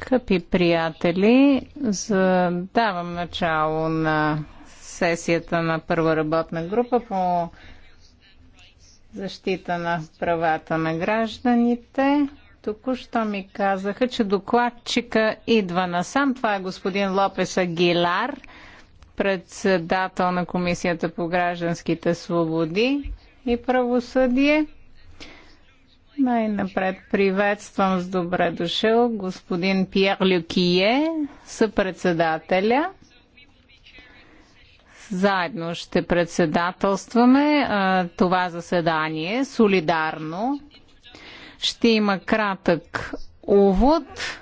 Скъпи приятели, давам начало на сесията на първа работна група по защита на правата на гражданите. Току-що ми казаха, че докладчика идва насам. Това е господин Лопес Агилар, председател на Комисията по гражданските свободи и правосъдие. Най-напред приветствам с добре дошъл господин Пьер Люкие, съпредседателя. Заедно ще председателстваме а, това заседание солидарно. Ще има кратък увод,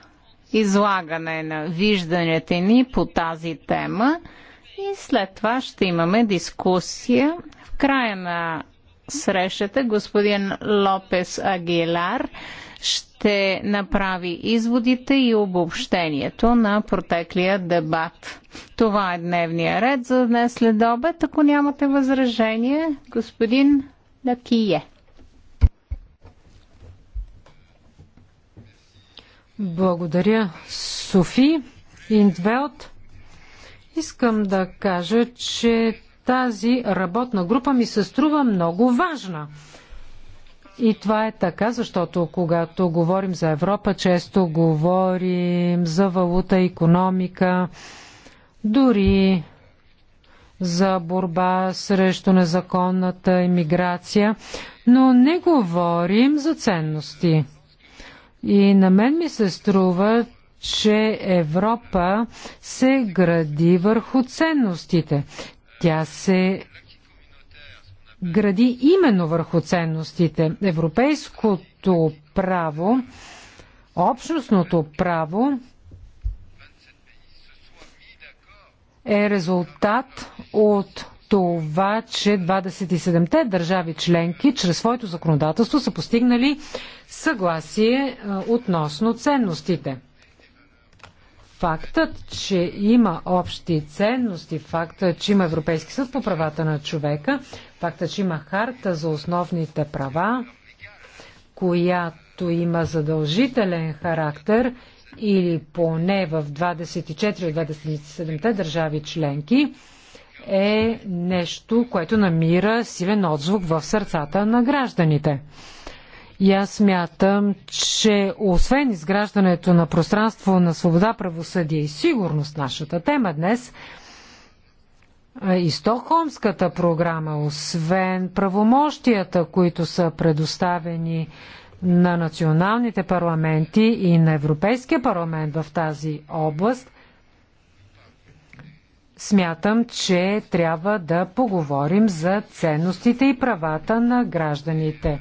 излагане на вижданията ни по тази тема и след това ще имаме дискусия. В края на срещата. Господин Лопес Агилар ще направи изводите и обобщението на протеклия дебат. Това е дневния ред за днес след обед. Ако нямате възражение, господин Лакие. Благодаря, Софи Индвелт. Искам да кажа, че тази работна група ми се струва много важна. И това е така, защото когато говорим за Европа, често говорим за валута, економика, дори за борба срещу незаконната иммиграция, но не говорим за ценности. И на мен ми се струва, че Европа се гради върху ценностите. Тя се гради именно върху ценностите. Европейското право, общностното право е резултат от това, че 27-те държави членки чрез своето законодателство са постигнали съгласие относно ценностите. Фактът, че има общи ценности, фактът, че има Европейски съд по правата на човека, фактът, че има харта за основните права, която има задължителен характер или поне в 24 от 27-те държави членки, е нещо, което намира силен отзвук в сърцата на гражданите. И аз смятам, че освен изграждането на пространство на свобода, правосъдие и сигурност, нашата тема днес, и Стокхолмската програма, освен правомощията, които са предоставени на националните парламенти и на Европейския парламент в тази област, смятам, че трябва да поговорим за ценностите и правата на гражданите.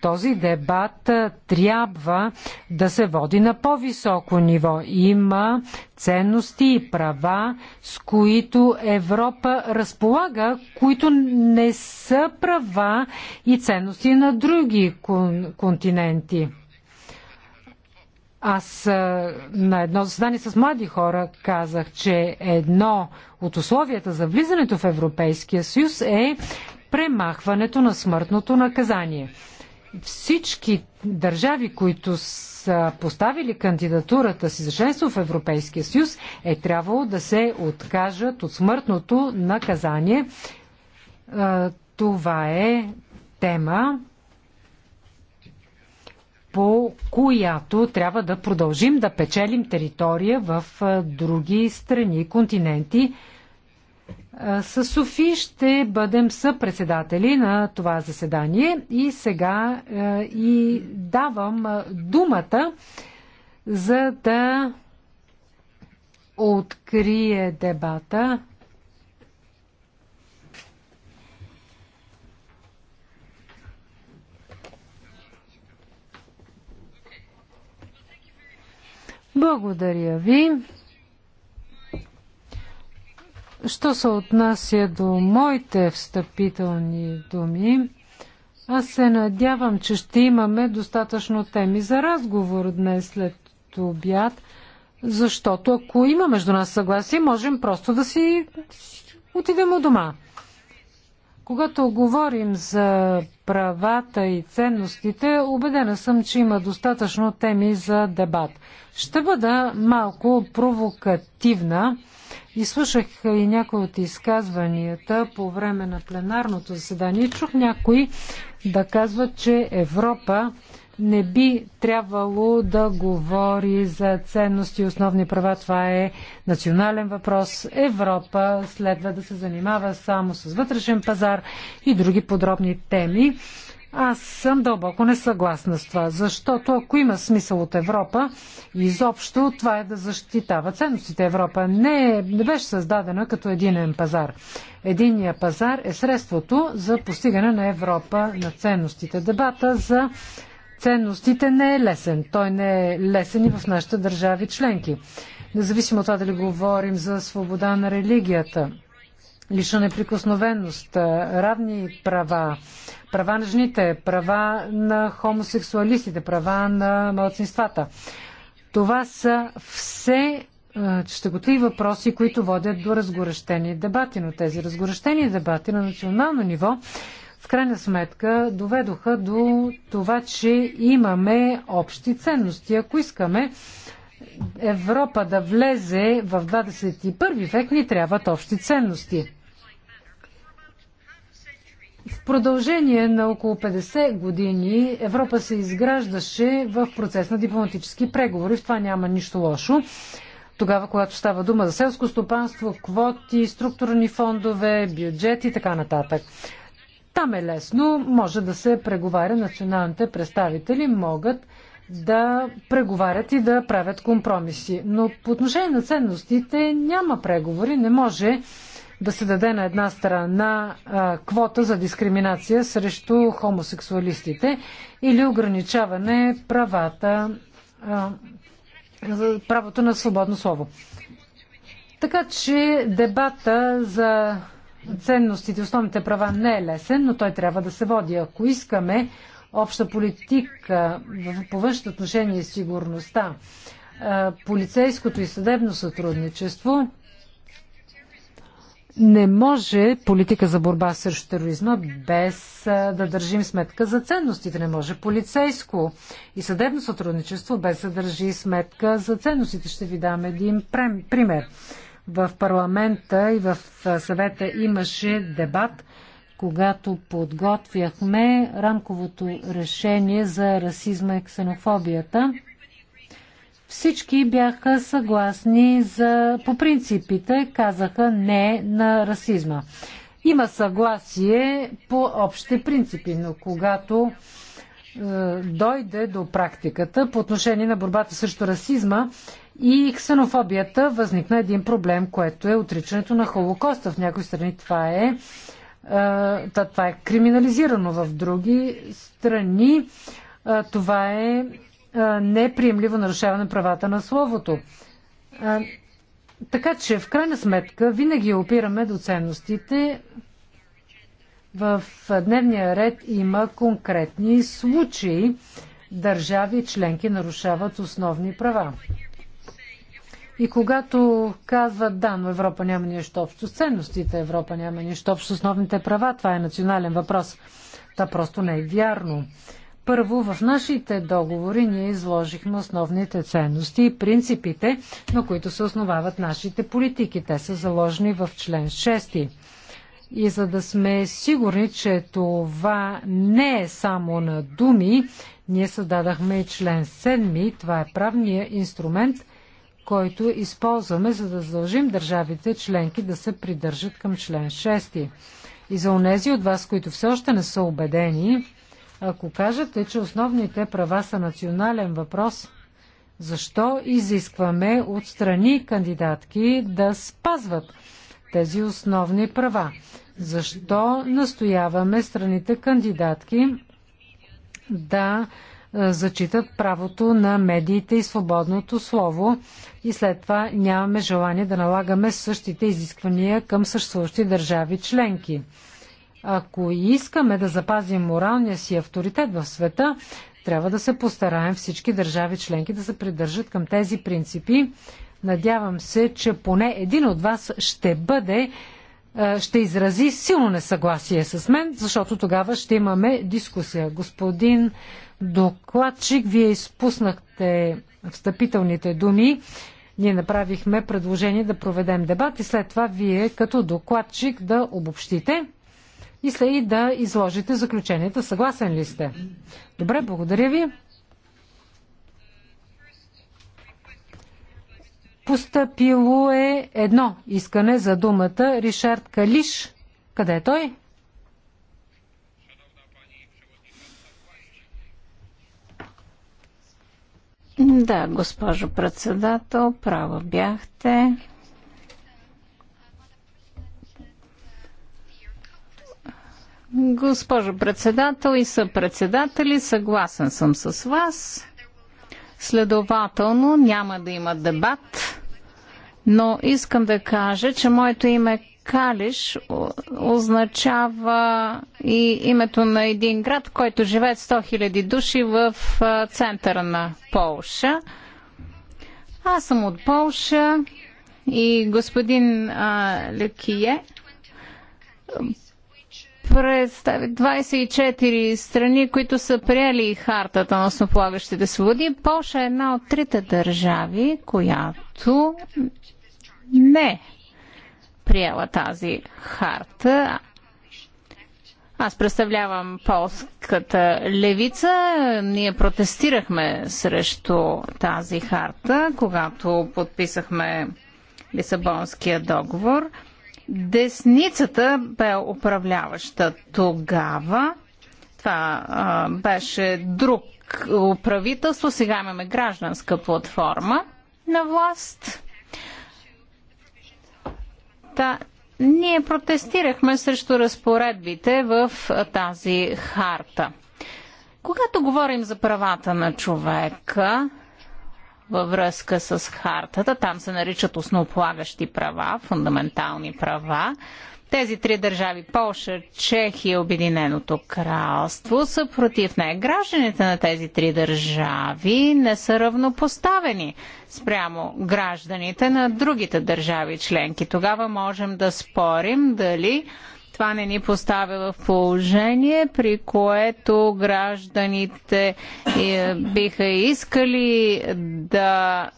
Този дебат трябва да се води на по-високо ниво. Има ценности и права, с които Европа разполага, които не са права и ценности на други кон- континенти. Аз на едно заседание с млади хора казах, че едно от условията за влизането в Европейския съюз е премахването на смъртното наказание всички държави, които са поставили кандидатурата си за членство в Европейския съюз, е трябвало да се откажат от смъртното наказание. Това е тема, по която трябва да продължим да печелим територия в други страни и континенти. С Софи ще бъдем съпредседатели на това заседание и сега и давам думата за да открие дебата. Благодаря ви. Що се отнася до моите встъпителни думи, аз се надявам, че ще имаме достатъчно теми за разговор днес след обяд, защото ако има между нас съгласие, можем просто да си отидем от дома. Когато говорим за правата и ценностите, убедена съм, че има достатъчно теми за дебат. Ще бъда малко провокативна Изслушах и някои от изказванията по време на пленарното заседание. Чух някои да казват, че Европа не би трябвало да говори за ценности и основни права. Това е национален въпрос. Европа следва да се занимава само с вътрешен пазар и други подробни теми. Аз съм дълбоко несъгласна с това, защото ако има смисъл от Европа, изобщо това е да защитава ценностите. Европа не, е, не беше създадена като единен пазар. Единният пазар е средството за постигане на Европа на ценностите. Дебата за ценностите не е лесен. Той не е лесен и в нашите държави членки. Независимо от това дали говорим за свобода на религията, лична неприкосновеност, равни права, права на жените, права на хомосексуалистите, права на младсинствата. Това са все щеготливи въпроси, които водят до разгорещени дебати, но тези разгорещени дебати на национално ниво в крайна сметка доведоха до това, че имаме общи ценности. Ако искаме Европа да влезе в 21 век, ни трябват общи ценности. В продължение на около 50 години Европа се изграждаше в процес на дипломатически преговори. В това няма нищо лошо. Тогава, когато става дума за селско стопанство, квоти, структурни фондове, бюджет и така нататък. Там е лесно, може да се преговаря, националните представители могат да преговарят и да правят компромиси. Но по отношение на ценностите няма преговори, не може да се даде на една страна квота за дискриминация срещу хомосексуалистите или ограничаване правата, правото на свободно слово. Така че дебата за ценностите, основните права не е лесен, но той трябва да се води. Ако искаме обща политика в повъщето отношение и сигурността, полицейското и съдебно сътрудничество, не може политика за борба срещу тероризма без да държим сметка за ценностите. Не може полицейско и съдебно сътрудничество без да държи сметка за ценностите. Ще ви дам един пример. В парламента и в съвета имаше дебат, когато подготвяхме рамковото решение за расизма и ксенофобията – всички бяха съгласни за, по принципите, казаха не на расизма. Има съгласие по общите принципи, но когато е, дойде до практиката по отношение на борбата срещу расизма и ксенофобията, възникна един проблем, което е отричането на Холокоста. В някои страни това е, е това е криминализирано, в други страни е, това е неприемливо нарушаване на правата на словото. Така че, в крайна сметка, винаги опираме до ценностите. В дневния ред има конкретни случаи. Държави членки нарушават основни права. И когато казват, да, но Европа няма нищо общо с ценностите, Европа няма нищо общо с основните права, това е национален въпрос. Това просто не е вярно. Първо, в нашите договори ние изложихме основните ценности и принципите, на които се основават нашите политики. Те са заложени в член 6. И за да сме сигурни, че това не е само на думи, ние създадахме и член 7. Това е правният инструмент, който използваме, за да задължим държавите членки да се придържат към член 6. И за онези от вас, които все още не са убедени, ако кажете, че основните права са национален въпрос, защо изискваме от страни кандидатки да спазват тези основни права? Защо настояваме страните кандидатки да е, зачитат правото на медиите и свободното слово и след това нямаме желание да налагаме същите изисквания към съществуващи държави членки? Ако искаме да запазим моралния си авторитет в света, трябва да се постараем всички държави членки да се придържат към тези принципи. Надявам се, че поне един от вас ще бъде е, ще изрази силно несъгласие с мен, защото тогава ще имаме дискусия. Господин докладчик, вие изпуснахте встъпителните думи. Ние направихме предложение да проведем дебат и след това вие като докладчик да обобщите и след и да изложите заключенията. Съгласен ли сте? Добре, благодаря ви. Постъпило е едно искане за думата. Ришард Калиш. Къде е той? Да, госпожо председател, права бяхте. Госпожо председател и съпредседатели, съгласен съм с вас. Следователно няма да има дебат, но искам да кажа, че моето име Калиш означава и името на един град, в който живеят 100 000 души в центъра на Полша. Аз съм от Полша и господин а, Лекие представи 24 страни, които са приели хартата на основополагащите свободи. Польша е една от трите държави, която не приела тази харта. Аз представлявам полската левица. Ние протестирахме срещу тази харта, когато подписахме Лисабонския договор. Десницата бе управляваща тогава. Това а, беше друг правителство. Сега имаме гражданска платформа на власт. Та, ние протестирахме срещу разпоредбите в тази харта. Когато говорим за правата на човека, във връзка с хартата. Там се наричат основополагащи права, фундаментални права. Тези три държави Полша, Чехия и Обединеното кралство са против нея. Гражданите на тези три държави не са равнопоставени спрямо гражданите на другите държави членки. Тогава можем да спорим дали това не ни поставя в положение, при което гражданите е, биха искали да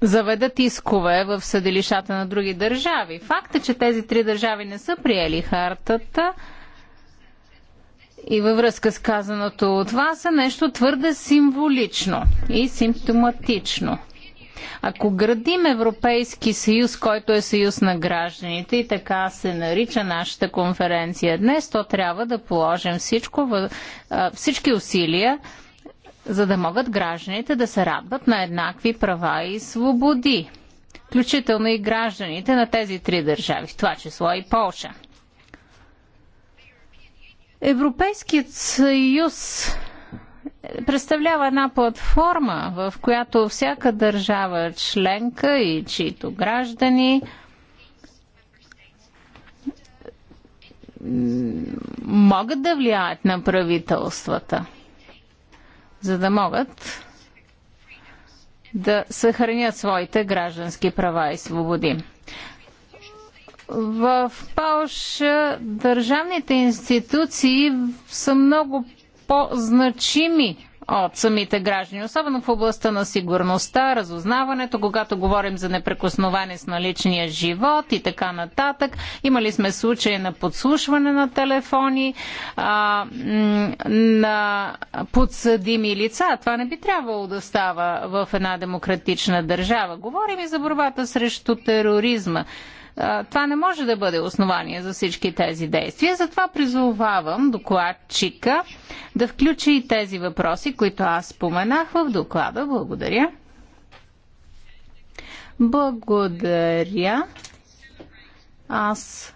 заведат искове в съдилищата на други държави. Факта, е, че тези три държави не са приели хартата и във връзка с казаното от вас е нещо твърде символично и симптоматично. Ако градим Европейски съюз, който е съюз на гражданите и така се нарича нашата конференция днес, то трябва да положим всичко, всички усилия, за да могат гражданите да се радват на еднакви права и свободи, включително и гражданите на тези три държави, в това число и Полша. Европейският съюз представлява една платформа, в която всяка държава членка и чието граждани могат да влияят на правителствата, за да могат да съхранят своите граждански права и свободи. В Пауша държавните институции са много по-значими от самите граждани, особено в областта на сигурността, разузнаването, когато говорим за непрекосновение с наличния живот и така нататък. Имали сме случаи на подслушване на телефони а, на подсъдими лица. Това не би трябвало да става в една демократична държава. Говорим и за борбата срещу тероризма това не може да бъде основание за всички тези действия. Затова призовавам докладчика да включи и тези въпроси, които аз споменах в доклада. Благодаря. Благодаря. Аз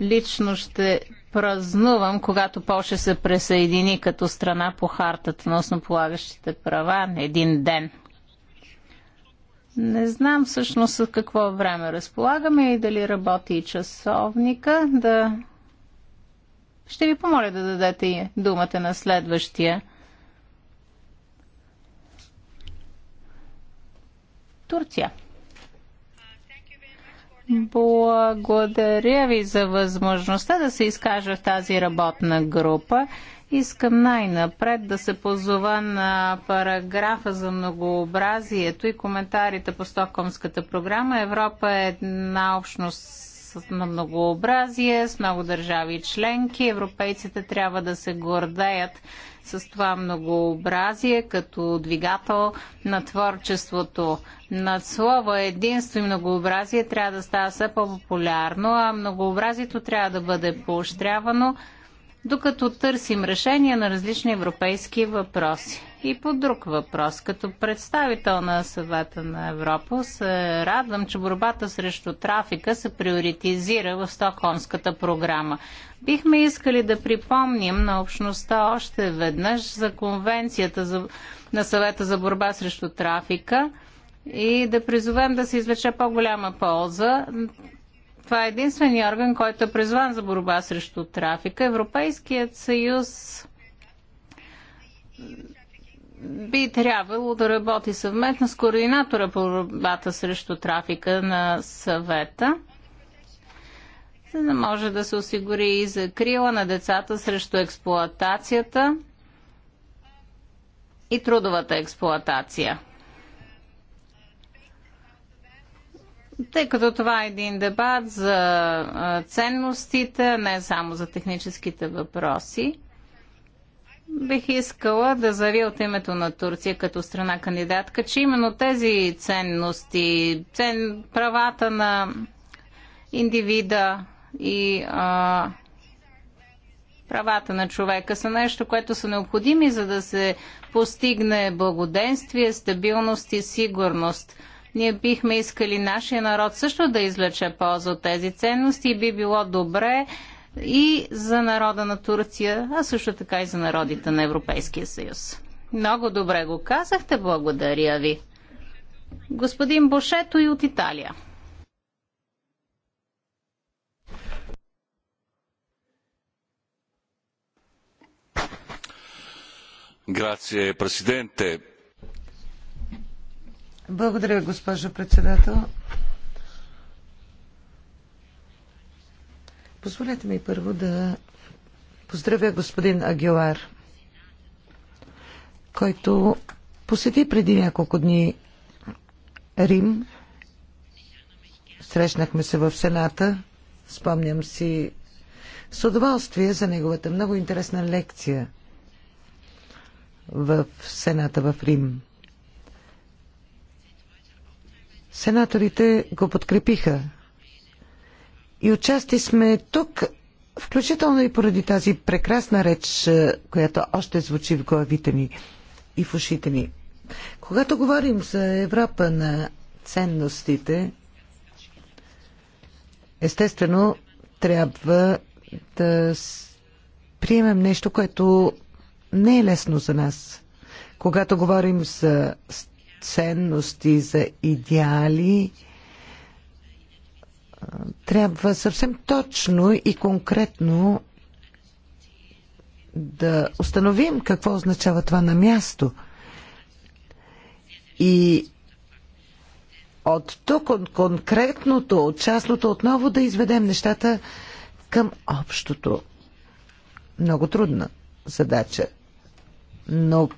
лично ще празнувам, когато Польша се присъедини като страна по хартата на основополагащите права на един ден, не знам всъщност с какво време разполагаме и дали работи и часовника. Да... Ще ви помоля да дадете думата на следващия. Турция. Благодаря ви за възможността да се изкажа в тази работна група. Искам най-напред да се позова на параграфа за многообразието и коментарите по Стокхолмската програма. Европа е една общност на многообразие, с много държави и членки. Европейците трябва да се гордеят с това многообразие като двигател на творчеството. Над слово единство и многообразие трябва да става все по-популярно, а многообразието трябва да бъде поощрявано докато търсим решение на различни европейски въпроси. И по друг въпрос, като представител на съвета на Европа, се радвам, че борбата срещу трафика се приоритизира в Стокхолмската програма. Бихме искали да припомним на общността още веднъж за конвенцията за, на съвета за борба срещу трафика и да призовем да се извлече по-голяма полза това е единствения орган, който е призван за борба срещу трафика. Европейският съюз би трябвало да работи съвместно с координатора по борбата срещу трафика на съвета, за да може да се осигури и закрила на децата срещу експлоатацията и трудовата експлоатация. Тъй като това е един дебат за ценностите, не само за техническите въпроси, бих искала да заявя от името на Турция като страна кандидатка, че именно тези ценности, цен, правата на индивида и а, правата на човека са нещо, което са необходими, за да се постигне благоденствие, стабилност и сигурност – ние бихме искали нашия народ също да излече полза от тези ценности и би било добре и за народа на Турция, а също така и за народите на Европейския съюз. Много добре го казахте, благодаря ви. Господин Бошето и от Италия. Grazie Presidente. Благодаря, госпожо председател. Позволете ми първо да поздравя господин Агилар, който посети преди няколко дни Рим. Срещнахме се в Сената. Спомням си с удоволствие за неговата много интересна лекция в Сената в Рим. Сенаторите го подкрепиха. И отчасти сме тук, включително и поради тази прекрасна реч, е, която още звучи в главите ни и в ушите ни. Когато говорим за Европа на ценностите, естествено трябва да приемем нещо, което не е лесно за нас. Когато говорим за ценности, за идеали, трябва съвсем точно и конкретно да установим какво означава това на място. И от тук, от конкретното, от частното, отново да изведем нещата към общото. Много трудна задача. Но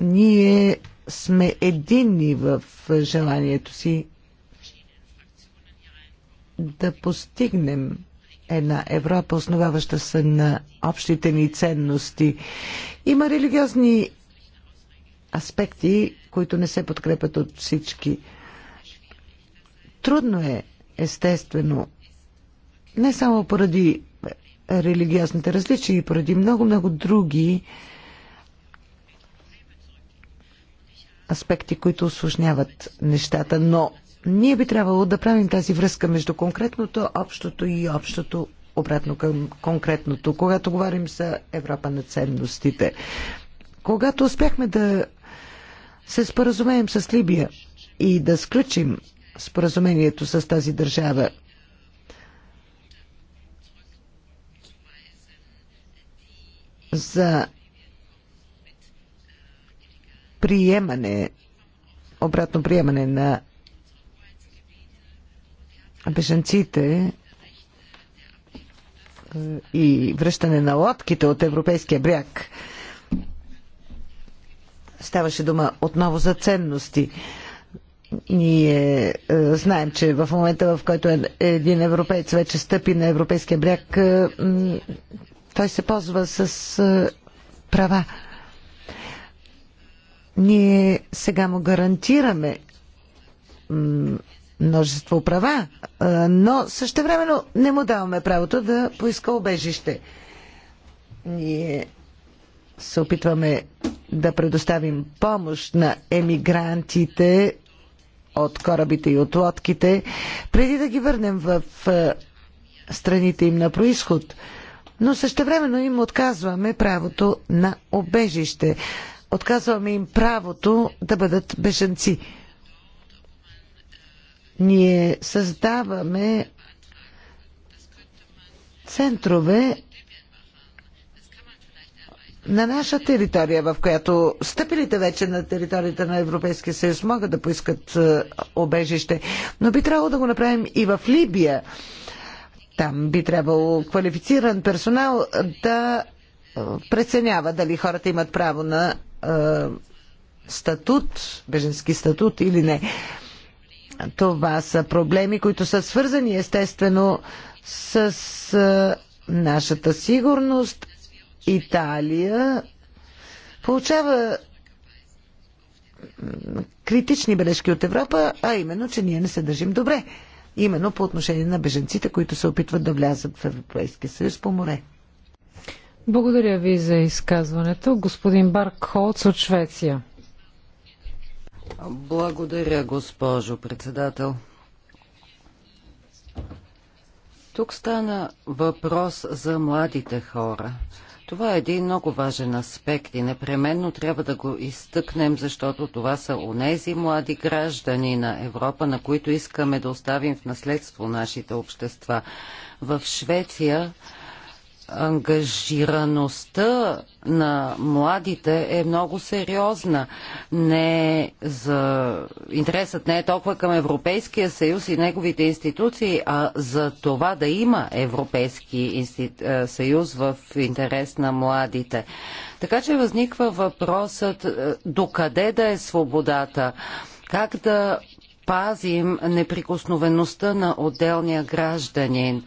ние сме единни в желанието си да постигнем една Европа, основаваща се на общите ни ценности. Има религиозни аспекти, които не се подкрепят от всички. Трудно е, естествено, не само поради религиозните различия и поради много-много други аспекти, които осложняват нещата, но ние би трябвало да правим тази връзка между конкретното, общото и общото обратно към конкретното, когато говорим за Европа на ценностите. Когато успяхме да се споразумеем с Либия и да сключим споразумението с тази държава, за приемане, обратно приемане на бежанците е, и връщане на лодките от европейския бряг. Ставаше дума отново за ценности. Ние е, знаем, че в момента, в който е, един европеец вече стъпи на европейския бряг, е, той се ползва с е, права. Ние сега му гарантираме множество права, но същевременно не му даваме правото да поиска обежище. Ние се опитваме да предоставим помощ на емигрантите от корабите и от лодките, преди да ги върнем в страните им на происход. Но същевременно им отказваме правото на обежище. Отказваме им правото да бъдат бежанци. Ние създаваме центрове на наша територия, в която стъпилите вече на територията на Европейския съюз могат да поискат е, обежище. Но би трябвало да го направим и в Либия. Там би трябвало квалифициран персонал да е, преценява дали хората имат право на статут, беженски статут или не. Това са проблеми, които са свързани естествено с нашата сигурност. Италия получава критични бележки от Европа, а именно, че ние не се държим добре. Именно по отношение на беженците, които се опитват да влязат в Европейския съюз по море. Благодаря ви за изказването. Господин Барк Холц от Швеция. Благодаря, госпожо председател. Тук стана въпрос за младите хора. Това е един много важен аспект и непременно трябва да го изтъкнем, защото това са онези млади граждани на Европа, на които искаме да оставим в наследство нашите общества. В Швеция ангажираността на младите е много сериозна. Не за... Интересът не е толкова към Европейския съюз и неговите институции, а за това да има Европейски институ... Е, съюз в интерес на младите. Така че възниква въпросът е, докъде да е свободата, как да пазим неприкосновеността на отделния гражданин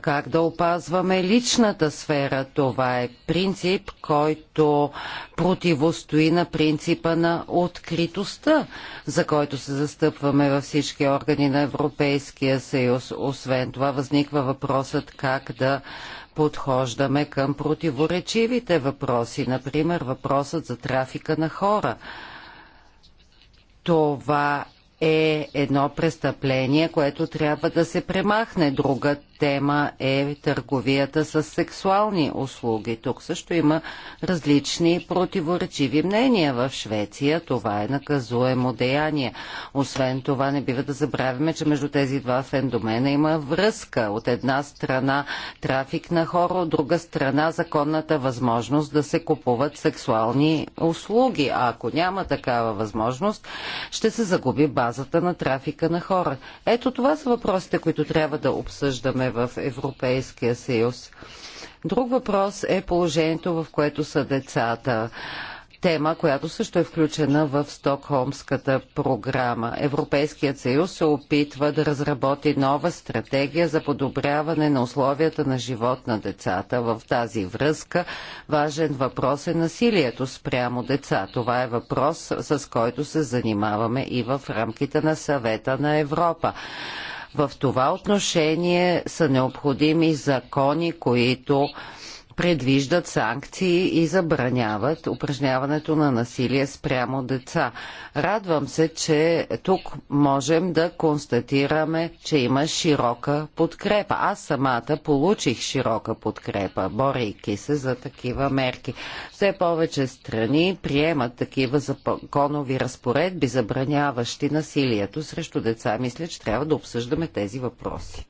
как да опазваме личната сфера. Това е принцип, който противостои на принципа на откритостта, за който се застъпваме във всички органи на Европейския съюз. Освен това възниква въпросът как да подхождаме към противоречивите въпроси, например въпросът за трафика на хора. Това е едно престъпление, което трябва да се премахне. Другът тема е търговията с сексуални услуги. Тук също има различни противоречиви мнения в Швеция. Това е наказуемо деяние. Освен това, не бива да забравяме, че между тези два фендомена има връзка. От една страна трафик на хора, от друга страна законната възможност да се купуват сексуални услуги. А ако няма такава възможност, ще се загуби базата на трафика на хора. Ето това са въпросите, които трябва да обсъждаме сме в Европейския съюз. Друг въпрос е положението, в което са децата тема, която също е включена в Стокхолмската програма. Европейският съюз се опитва да разработи нова стратегия за подобряване на условията на живот на децата. В тази връзка важен въпрос е насилието спрямо деца. Това е въпрос, с който се занимаваме и в рамките на съвета на Европа. В това отношение са необходими закони, които предвиждат санкции и забраняват упражняването на насилие спрямо деца. Радвам се, че тук можем да констатираме, че има широка подкрепа. Аз самата получих широка подкрепа, борейки се за такива мерки. Все повече страни приемат такива законови разпоредби, забраняващи насилието срещу деца. Мисля, че трябва да обсъждаме тези въпроси.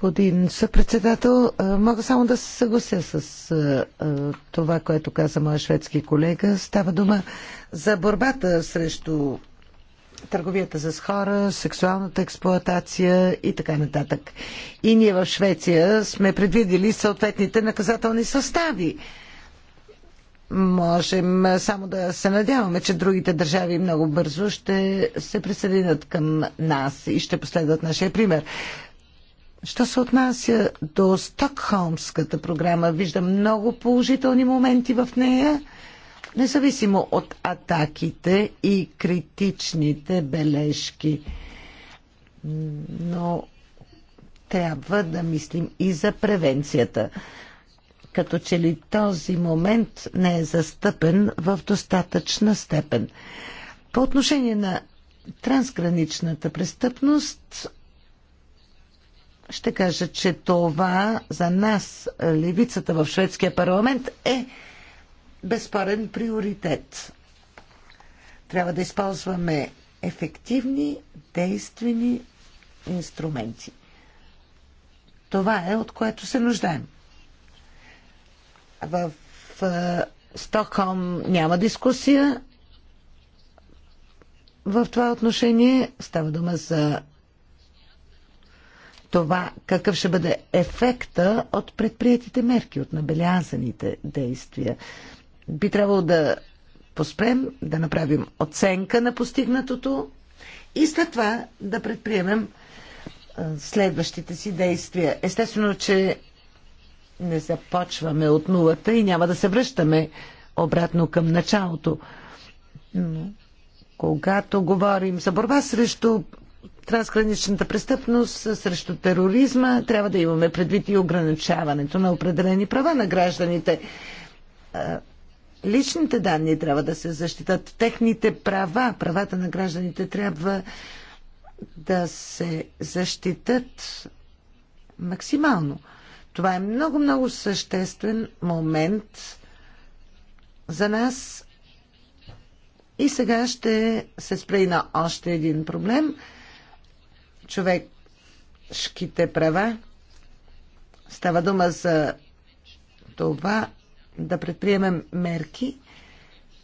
Господин съпредседател, мога само да се съглася с това, което каза моя шведски колега. Става дума за борбата срещу търговията с хора, сексуалната експлоатация и така нататък. И ние в Швеция сме предвидели съответните наказателни състави можем само да се надяваме, че другите държави много бързо ще се присъединят към нас и ще последват нашия пример. Що се отнася до Стокхолмската програма, виждам много положителни моменти в нея, независимо от атаките и критичните бележки. Но трябва да мислим и за превенцията. Като че ли този момент не е застъпен в достатъчна степен. По отношение на трансграничната престъпност, ще кажа, че това за нас, левицата в шведския парламент, е безспорен приоритет. Трябва да използваме ефективни, действени инструменти. Това е от което се нуждаем. В Стокхолм няма дискусия. В това отношение става дума за това какъв ще бъде ефекта от предприятите мерки, от набелязаните действия. Би трябвало да поспрем, да направим оценка на постигнатото и след това да предприемем следващите си действия. Естествено, че не започваме от нулата и няма да се връщаме обратно към началото. Но, когато говорим за борба срещу трансграничната престъпност, срещу тероризма, трябва да имаме предвид и ограничаването на определени права на гражданите. Личните данни трябва да се защитат. Техните права, правата на гражданите трябва да се защитат максимално. Това е много-много съществен момент за нас. И сега ще се спре и на още един проблем. Човешките права. Става дума за това да предприемем мерки,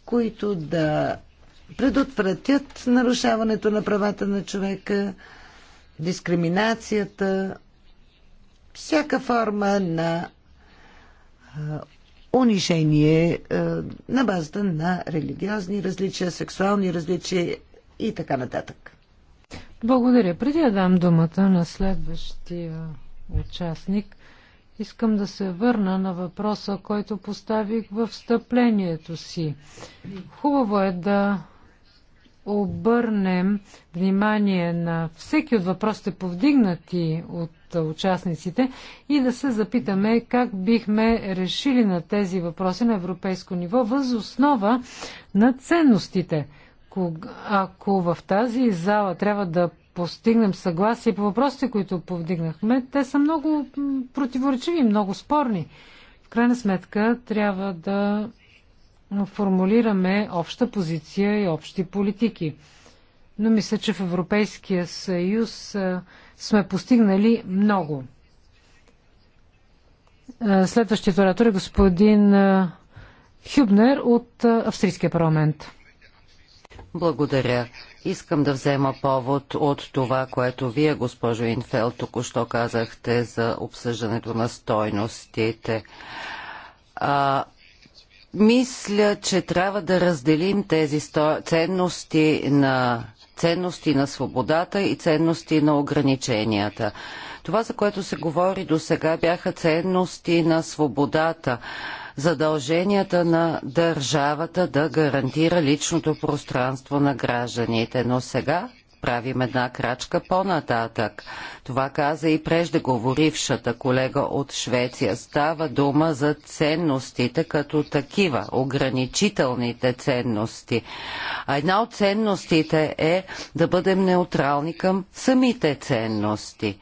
които да предотвратят нарушаването на правата на човека, дискриминацията, всяка форма на унижение на базата на религиозни различия, сексуални различия и така нататък. Благодаря. Преди да дам думата на следващия участник, искам да се върна на въпроса, който поставих в встъплението си. Хубаво е да обърнем внимание на всеки от въпросите повдигнати от участниците и да се запитаме как бихме решили на тези въпроси на европейско ниво въз основа на ценностите. Ако в тази зала трябва да постигнем съгласие по въпросите, които повдигнахме, те са много противоречиви, много спорни. В крайна сметка трябва да формулираме обща позиция и общи политики. Но мисля, че в Европейския съюз сме постигнали много. Следващият оратор е господин Хюбнер от Австрийския парламент. Благодаря. Искам да взема повод от това, което вие, госпожо Инфел, току-що казахте за обсъждането на стойностите. Мисля, че трябва да разделим тези ценности на ценности на свободата и ценности на ограниченията. Това, за което се говори до сега, бяха ценности на свободата, задълженията на държавата да гарантира личното пространство на гражданите. Но сега правим една крачка по-нататък. Това каза и преждеговорившата колега от Швеция. Става дума за ценностите като такива, ограничителните ценности. А една от ценностите е да бъдем неутрални към самите ценности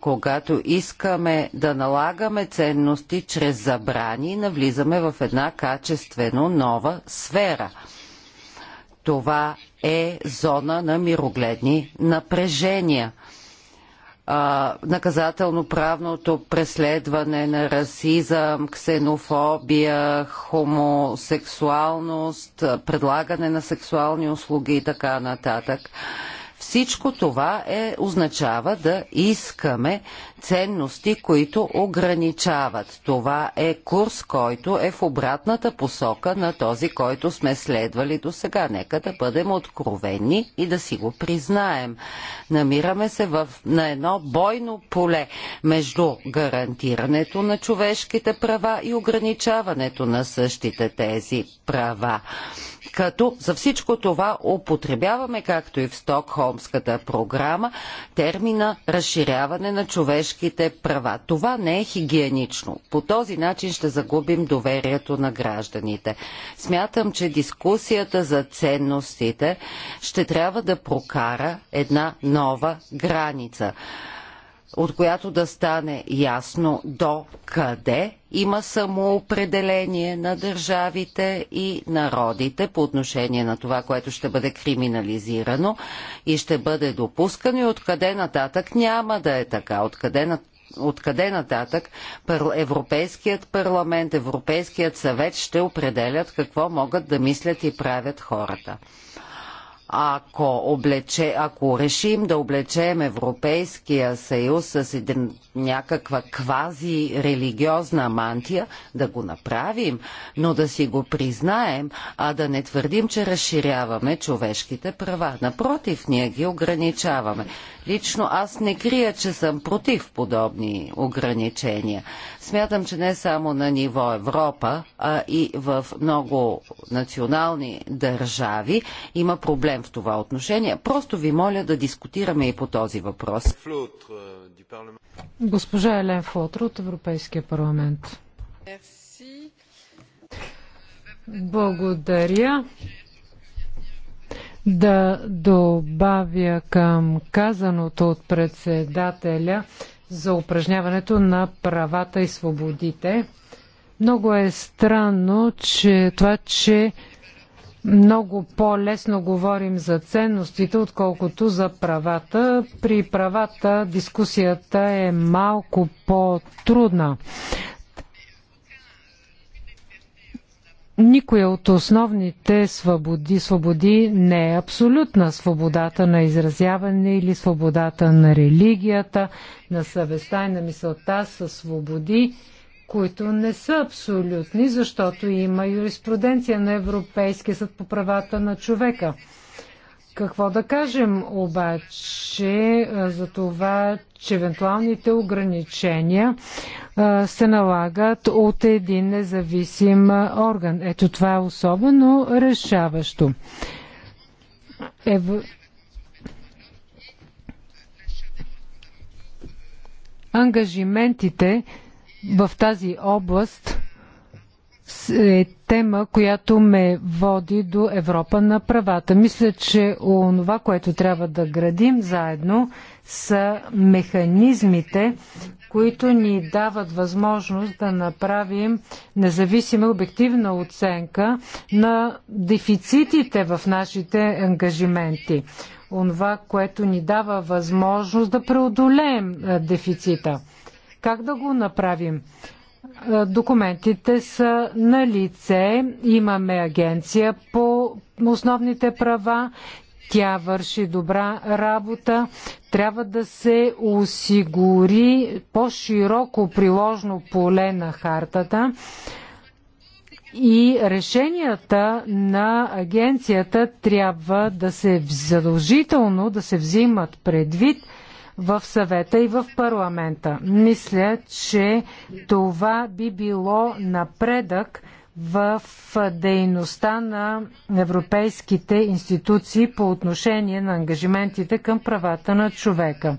когато искаме да налагаме ценности чрез забрани, навлизаме в една качествено нова сфера – това е зона на мирогледни напрежения. Наказателно-правното преследване на расизъм, ксенофобия, хомосексуалност, предлагане на сексуални услуги и така нататък. Всичко това е, означава да искаме ценности, които ограничават. Това е курс, който е в обратната посока на този, който сме следвали до сега. Нека да бъдем откровени и да си го признаем. Намираме се в, на едно бойно поле между гарантирането на човешките права и ограничаването на същите тези права като за всичко това употребяваме, както и в Стокхолмската програма, термина разширяване на човешките човешките права. Това не е хигиенично. По този начин ще загубим доверието на гражданите. Смятам, че дискусията за ценностите ще трябва да прокара една нова граница от която да стане ясно до къде има самоопределение на държавите и народите по отношение на това, което ще бъде криминализирано и ще бъде допускано и откъде нататък няма да е така, откъде нататък откъде нататък Европейският парламент, Европейският съвет ще определят какво могат да мислят и правят хората. Ако, облече, ако решим да облечем Европейския съюз с един, някаква квази религиозна мантия, да го направим, но да си го признаем, а да не твърдим, че разширяваме човешките права. Напротив, ние ги ограничаваме. Лично аз не крия, че съм против подобни ограничения. Смятам, че не само на ниво Европа, а и в много национални държави има проблем проблем в това отношение. Просто ви моля да дискутираме и по този въпрос. Госпожа Елен Флотро от Европейския парламент. Благодаря. Да добавя към казаното от председателя за упражняването на правата и свободите. Много е странно, че това, че много по-лесно говорим за ценностите, отколкото за правата. При правата дискусията е малко по-трудна. Никоя от основните свободи, свободи не е абсолютна. Свободата на изразяване или свободата на религията, на съвестта и на мисълта са свободи, които не са абсолютни, защото има юриспруденция на Европейския съд по правата на човека. Какво да кажем обаче за това, че евентуалните ограничения се налагат от един независим орган? Ето това е особено решаващо. Ев... Ангажиментите в тази област е тема, която ме води до Европа на правата. Мисля, че онова, което трябва да градим заедно, са механизмите, които ни дават възможност да направим независима обективна оценка на дефицитите в нашите ангажименти. Онова, което ни дава възможност да преодолеем е, дефицита. Как да го направим? Документите са на лице. Имаме агенция по основните права. Тя върши добра работа. Трябва да се осигури по-широко приложно поле на хартата и решенията на агенцията трябва да се задължително да се взимат предвид в съвета и в парламента. Мисля, че това би било напредък в дейността на европейските институции по отношение на ангажиментите към правата на човека.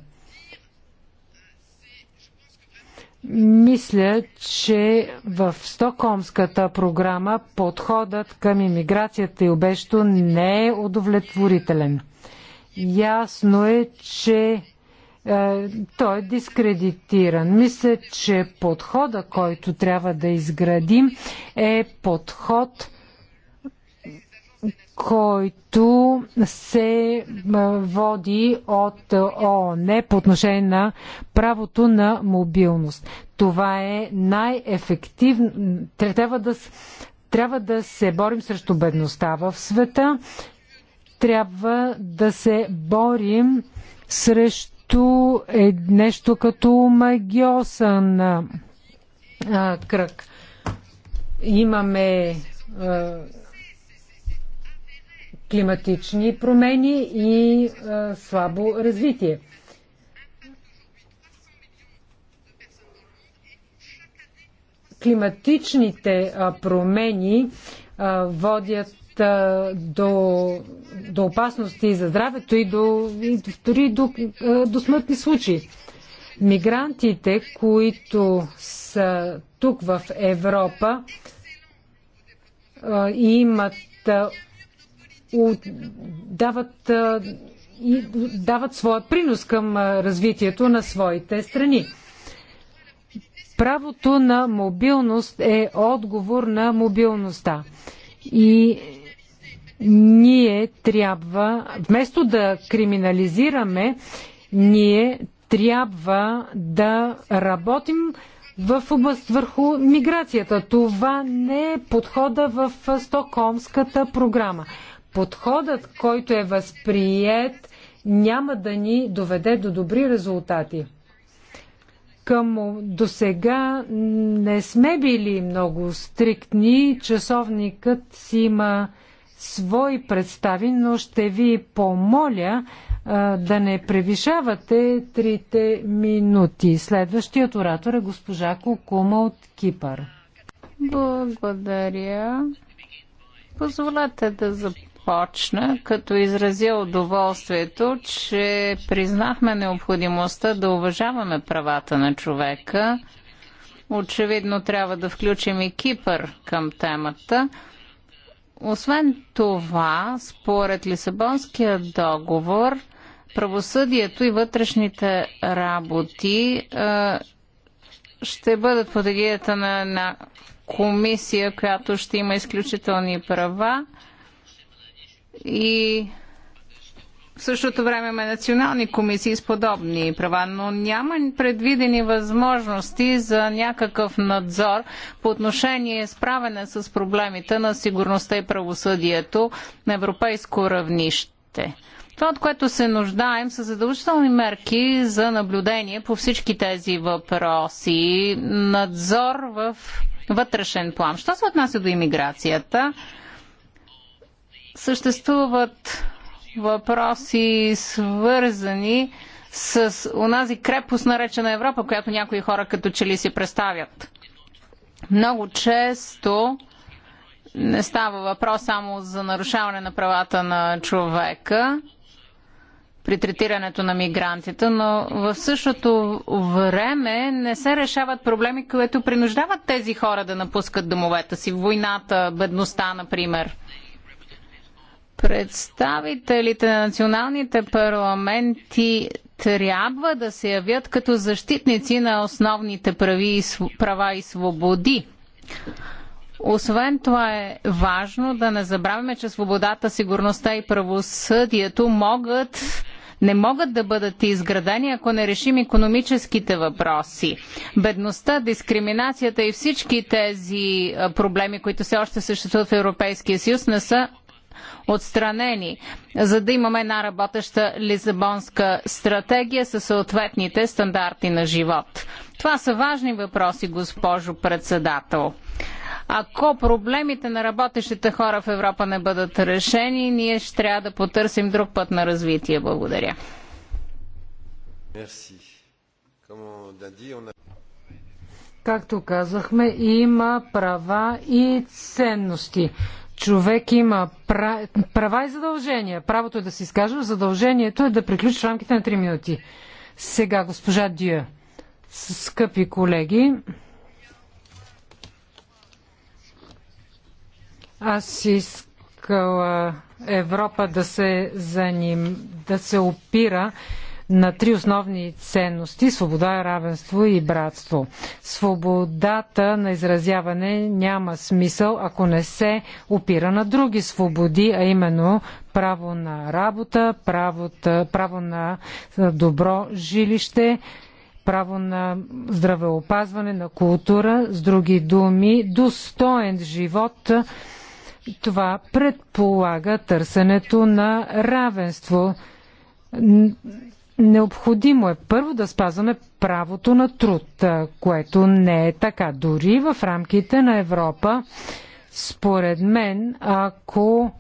Мисля, че в Стокхолмската програма подходът към иммиграцията и обещо не е удовлетворителен. Ясно е, че е, той е дискредитиран. Мисля, че подхода, който трябва да изградим, е подход, който се е, води от ООН по отношение на правото на мобилност. Това е най-ефективно. Трябва да, трябва да се борим срещу бедността в света. Трябва да се борим срещу който е нещо като магиосан а, кръг. Имаме а, климатични промени и а, слабо развитие. Климатичните а, промени а, водят до, до опасности за здравето и до, и дори до, до смъртни случаи. Мигрантите, които са тук в Европа, и имат дават, и дават своя принос към развитието на своите страни. Правото на мобилност е отговор на мобилността. И ние трябва, вместо да криминализираме, ние трябва да работим в област върху миграцията. Това не е подхода в Стокомската програма. Подходът, който е възприят, няма да ни доведе до добри резултати. Към до сега не сме били много стриктни. Часовникът си има свои представи, но ще ви помоля а, да не превишавате трите минути. Следващият оратор е госпожа Кокума от Кипър. Благодаря. Позволете да започна, като изразя удоволствието, че признахме необходимостта да уважаваме правата на човека. Очевидно трябва да включим и Кипър към темата. Освен това, според Лисабонския договор, правосъдието и вътрешните работи е, ще бъдат под егидата на, на комисия, която ще има изключителни права и в същото време има национални комисии с подобни права, но няма предвидени възможности за някакъв надзор по отношение справяне с проблемите на сигурността и правосъдието на европейско равнище. Това, от което се нуждаем, са задължителни мерки за наблюдение по всички тези въпроси. Надзор в вътрешен план. Що се отнася до иммиграцията? Съществуват въпроси, свързани с онази крепост, наречена Европа, която някои хора като че ли си представят. Много често не става въпрос само за нарушаване на правата на човека при третирането на мигрантите, но в същото време не се решават проблеми, които принуждават тези хора да напускат домовете си. Войната, бедността, например – Представителите на националните парламенти трябва да се явят като защитници на основните права и свободи. Освен това е важно да не забравяме, че свободата, сигурността и правосъдието могат не могат да бъдат изградени, ако не решим економическите въпроси. Бедността, дискриминацията и всички тези проблеми, които все още съществуват в Европейския съюз, не са отстранени, за да имаме една работеща Лизабонска стратегия със съответните стандарти на живот. Това са важни въпроси, госпожо председател. Ако проблемите на работещите хора в Европа не бъдат решени, ние ще трябва да потърсим друг път на развитие. Благодаря. Както казахме, има права и ценности човек има права и задължения. Правото е да се изкаже, задължението е да приключи в рамките на 3 минути. Сега, госпожа Дия, скъпи колеги, аз искала Европа да се, заним, да се опира на три основни ценности – свобода, равенство и братство. Свободата на изразяване няма смисъл, ако не се опира на други свободи, а именно право на работа, правото, право на добро жилище, право на здравеопазване, на култура, с други думи, достоен живот. Това предполага търсенето на равенство. Необходимо е първо да спазваме правото на труд, което не е така. Дори в рамките на Европа, според мен, ако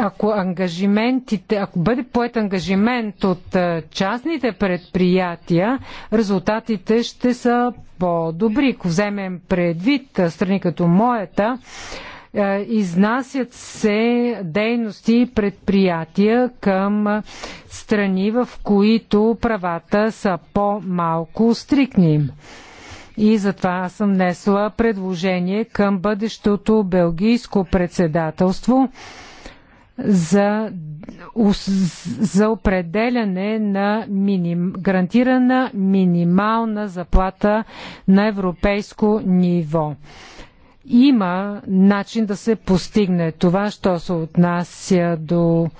ако ангажиментите, ако бъде поет ангажимент от частните предприятия, резултатите ще са по-добри. Ако вземем предвид страни като моята, е, изнасят се дейности и предприятия към страни, в които правата са по-малко стрикни. И затова аз съм несла предложение към бъдещото белгийско председателство за, за определяне на миним, гарантирана минимална заплата на европейско ниво има начин да се постигне това, що се отнася до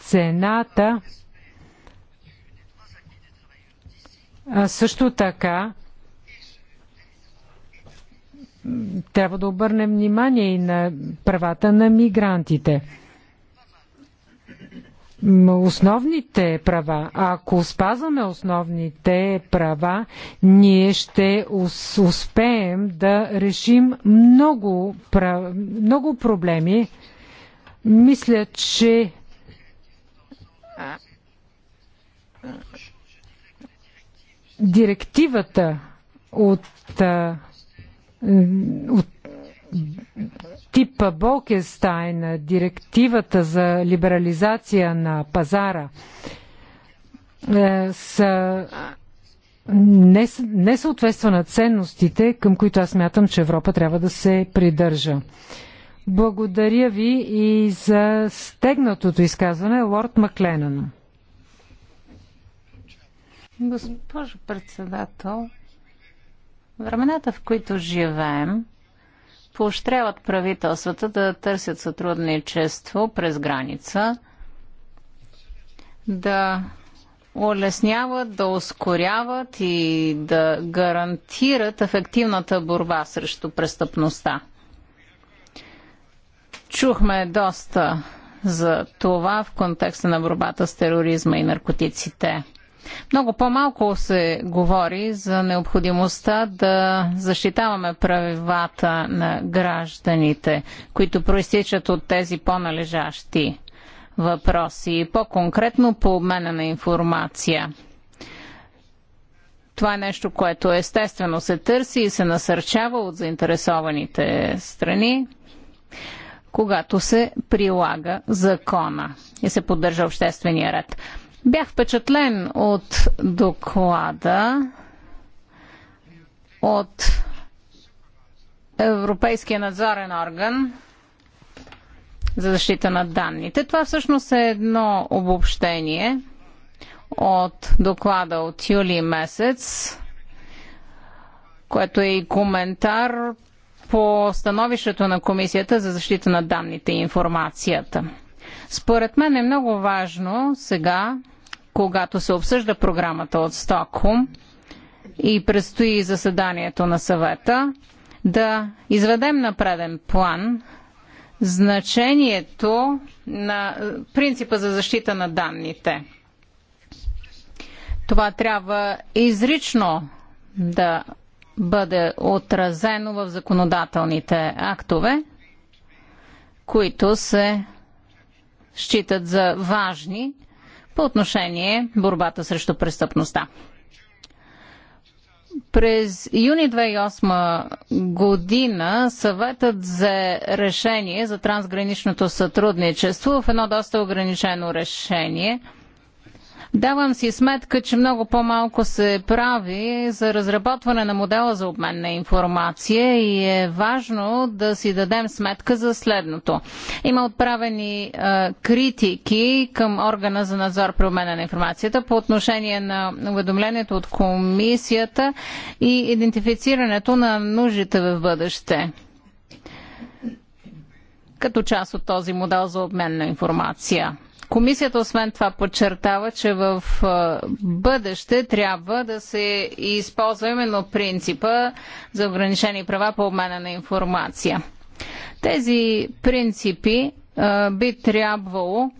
цената. А също така трябва да обърнем внимание и на правата на мигрантите основните права. Ако спазваме основните права, ние ще успеем да решим много, много проблеми. Мисля, че директивата от, от типа Болкенстайн, директивата за либерализация на пазара е, са не съответства на ценностите, към които аз мятам, че Европа трябва да се придържа. Благодаря ви и за стегнатото изказване, Лорд Макленън. Госпожо председател, времената, в които живеем, поощряват правителствата да търсят сътрудничество през граница, да улесняват, да ускоряват и да гарантират ефективната борба срещу престъпността. Чухме доста за това в контекста на борбата с тероризма и наркотиците. Много по-малко се говори за необходимостта да защитаваме правилата на гражданите, които проистичат от тези по-належащи въпроси. По-конкретно по обмена на информация. Това е нещо, което естествено се търси и се насърчава от заинтересованите страни, когато се прилага закона и се поддържа обществения ред. Бях впечатлен от доклада от Европейския надзорен орган за защита на данните. Това всъщност е едно обобщение от доклада от юли месец, което е и коментар по становището на Комисията за защита на данните и информацията. Според мен е много важно сега когато се обсъжда програмата от Стокхолм и предстои заседанието на съвета, да изведем на преден план значението на е, принципа за защита на данните. Това трябва изрично да бъде отразено в законодателните актове, които се считат за важни по отношение борбата срещу престъпността. През юни 2008 година съветът за решение за трансграничното сътрудничество в едно доста ограничено решение – Давам си сметка, че много по-малко се прави за разработване на модела за обмен на информация и е важно да си дадем сметка за следното. Има отправени а, критики към органа за надзор при обмена на информацията по отношение на уведомлението от комисията и идентифицирането на нуждите в бъдеще като част от този модел за обмен на информация. Комисията освен това подчертава, че в бъдеще трябва да се използва именно принципа за ограничени права по обмена на информация. Тези принципи би трябвало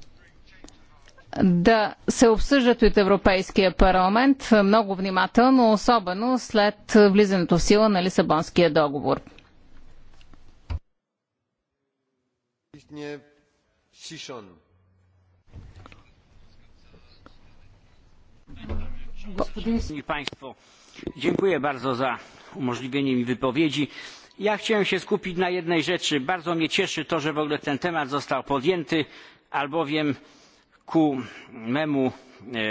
да се обсъждат от Европейския парламент много внимателно, особено след влизането в сила на Лисабонския договор. Сишон. dziękuję bardzo za umożliwienie mi wypowiedzi. Ja chciałem się skupić na jednej rzeczy. Bardzo mnie cieszy to, że w ogóle ten temat został podjęty, albowiem ku memu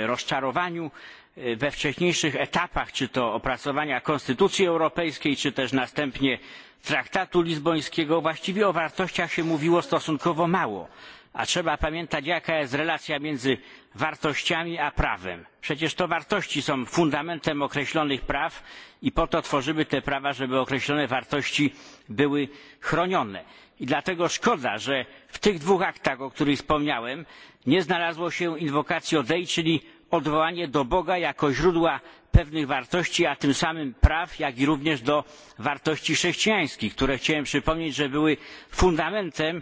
rozczarowaniu we wcześniejszych etapach czy to opracowania konstytucji europejskiej czy też następnie traktatu lizbońskiego właściwie o wartościach się mówiło stosunkowo mało a trzeba pamiętać jaka jest relacja między wartościami a prawem. przecież to wartości są fundamentem określonych praw i po to tworzymy te prawa żeby określone wartości były chronione. i dlatego szkoda że w tych dwóch aktach o których wspomniałem nie znalazło się invocacio dei czyli odwołanie do Boga jako źródła pewnych wartości, a tym samym praw, jak i również do wartości chrześcijańskich, które chciałem przypomnieć, że były fundamentem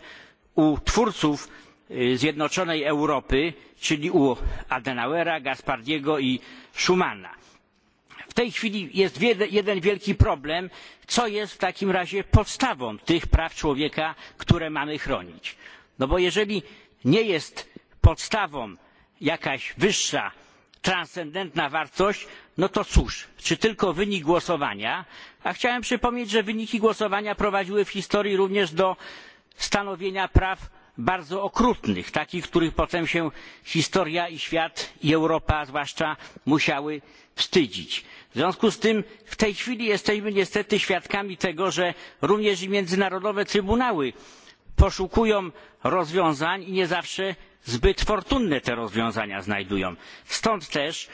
u twórców zjednoczonej Europy, czyli u Adenauera, Gaspardiego i Schumana. W tej chwili jest jeden wielki problem, co jest w takim razie podstawą tych praw człowieka, które mamy chronić. No bo jeżeli nie jest podstawą jakaś wyższa transcendentna wartość, no to cóż, czy tylko wynik głosowania, a chciałem przypomnieć, że wyniki głosowania prowadziły w historii również do stanowienia praw bardzo okrutnych, takich, których potem się historia i świat i Europa zwłaszcza musiały wstydzić. W związku z tym w tej chwili jesteśmy niestety świadkami tego, że również i międzynarodowe trybunały poszukują rozwiązań i nie zawsze zbyt fortunne te rozwiązania znajdują. Stąd też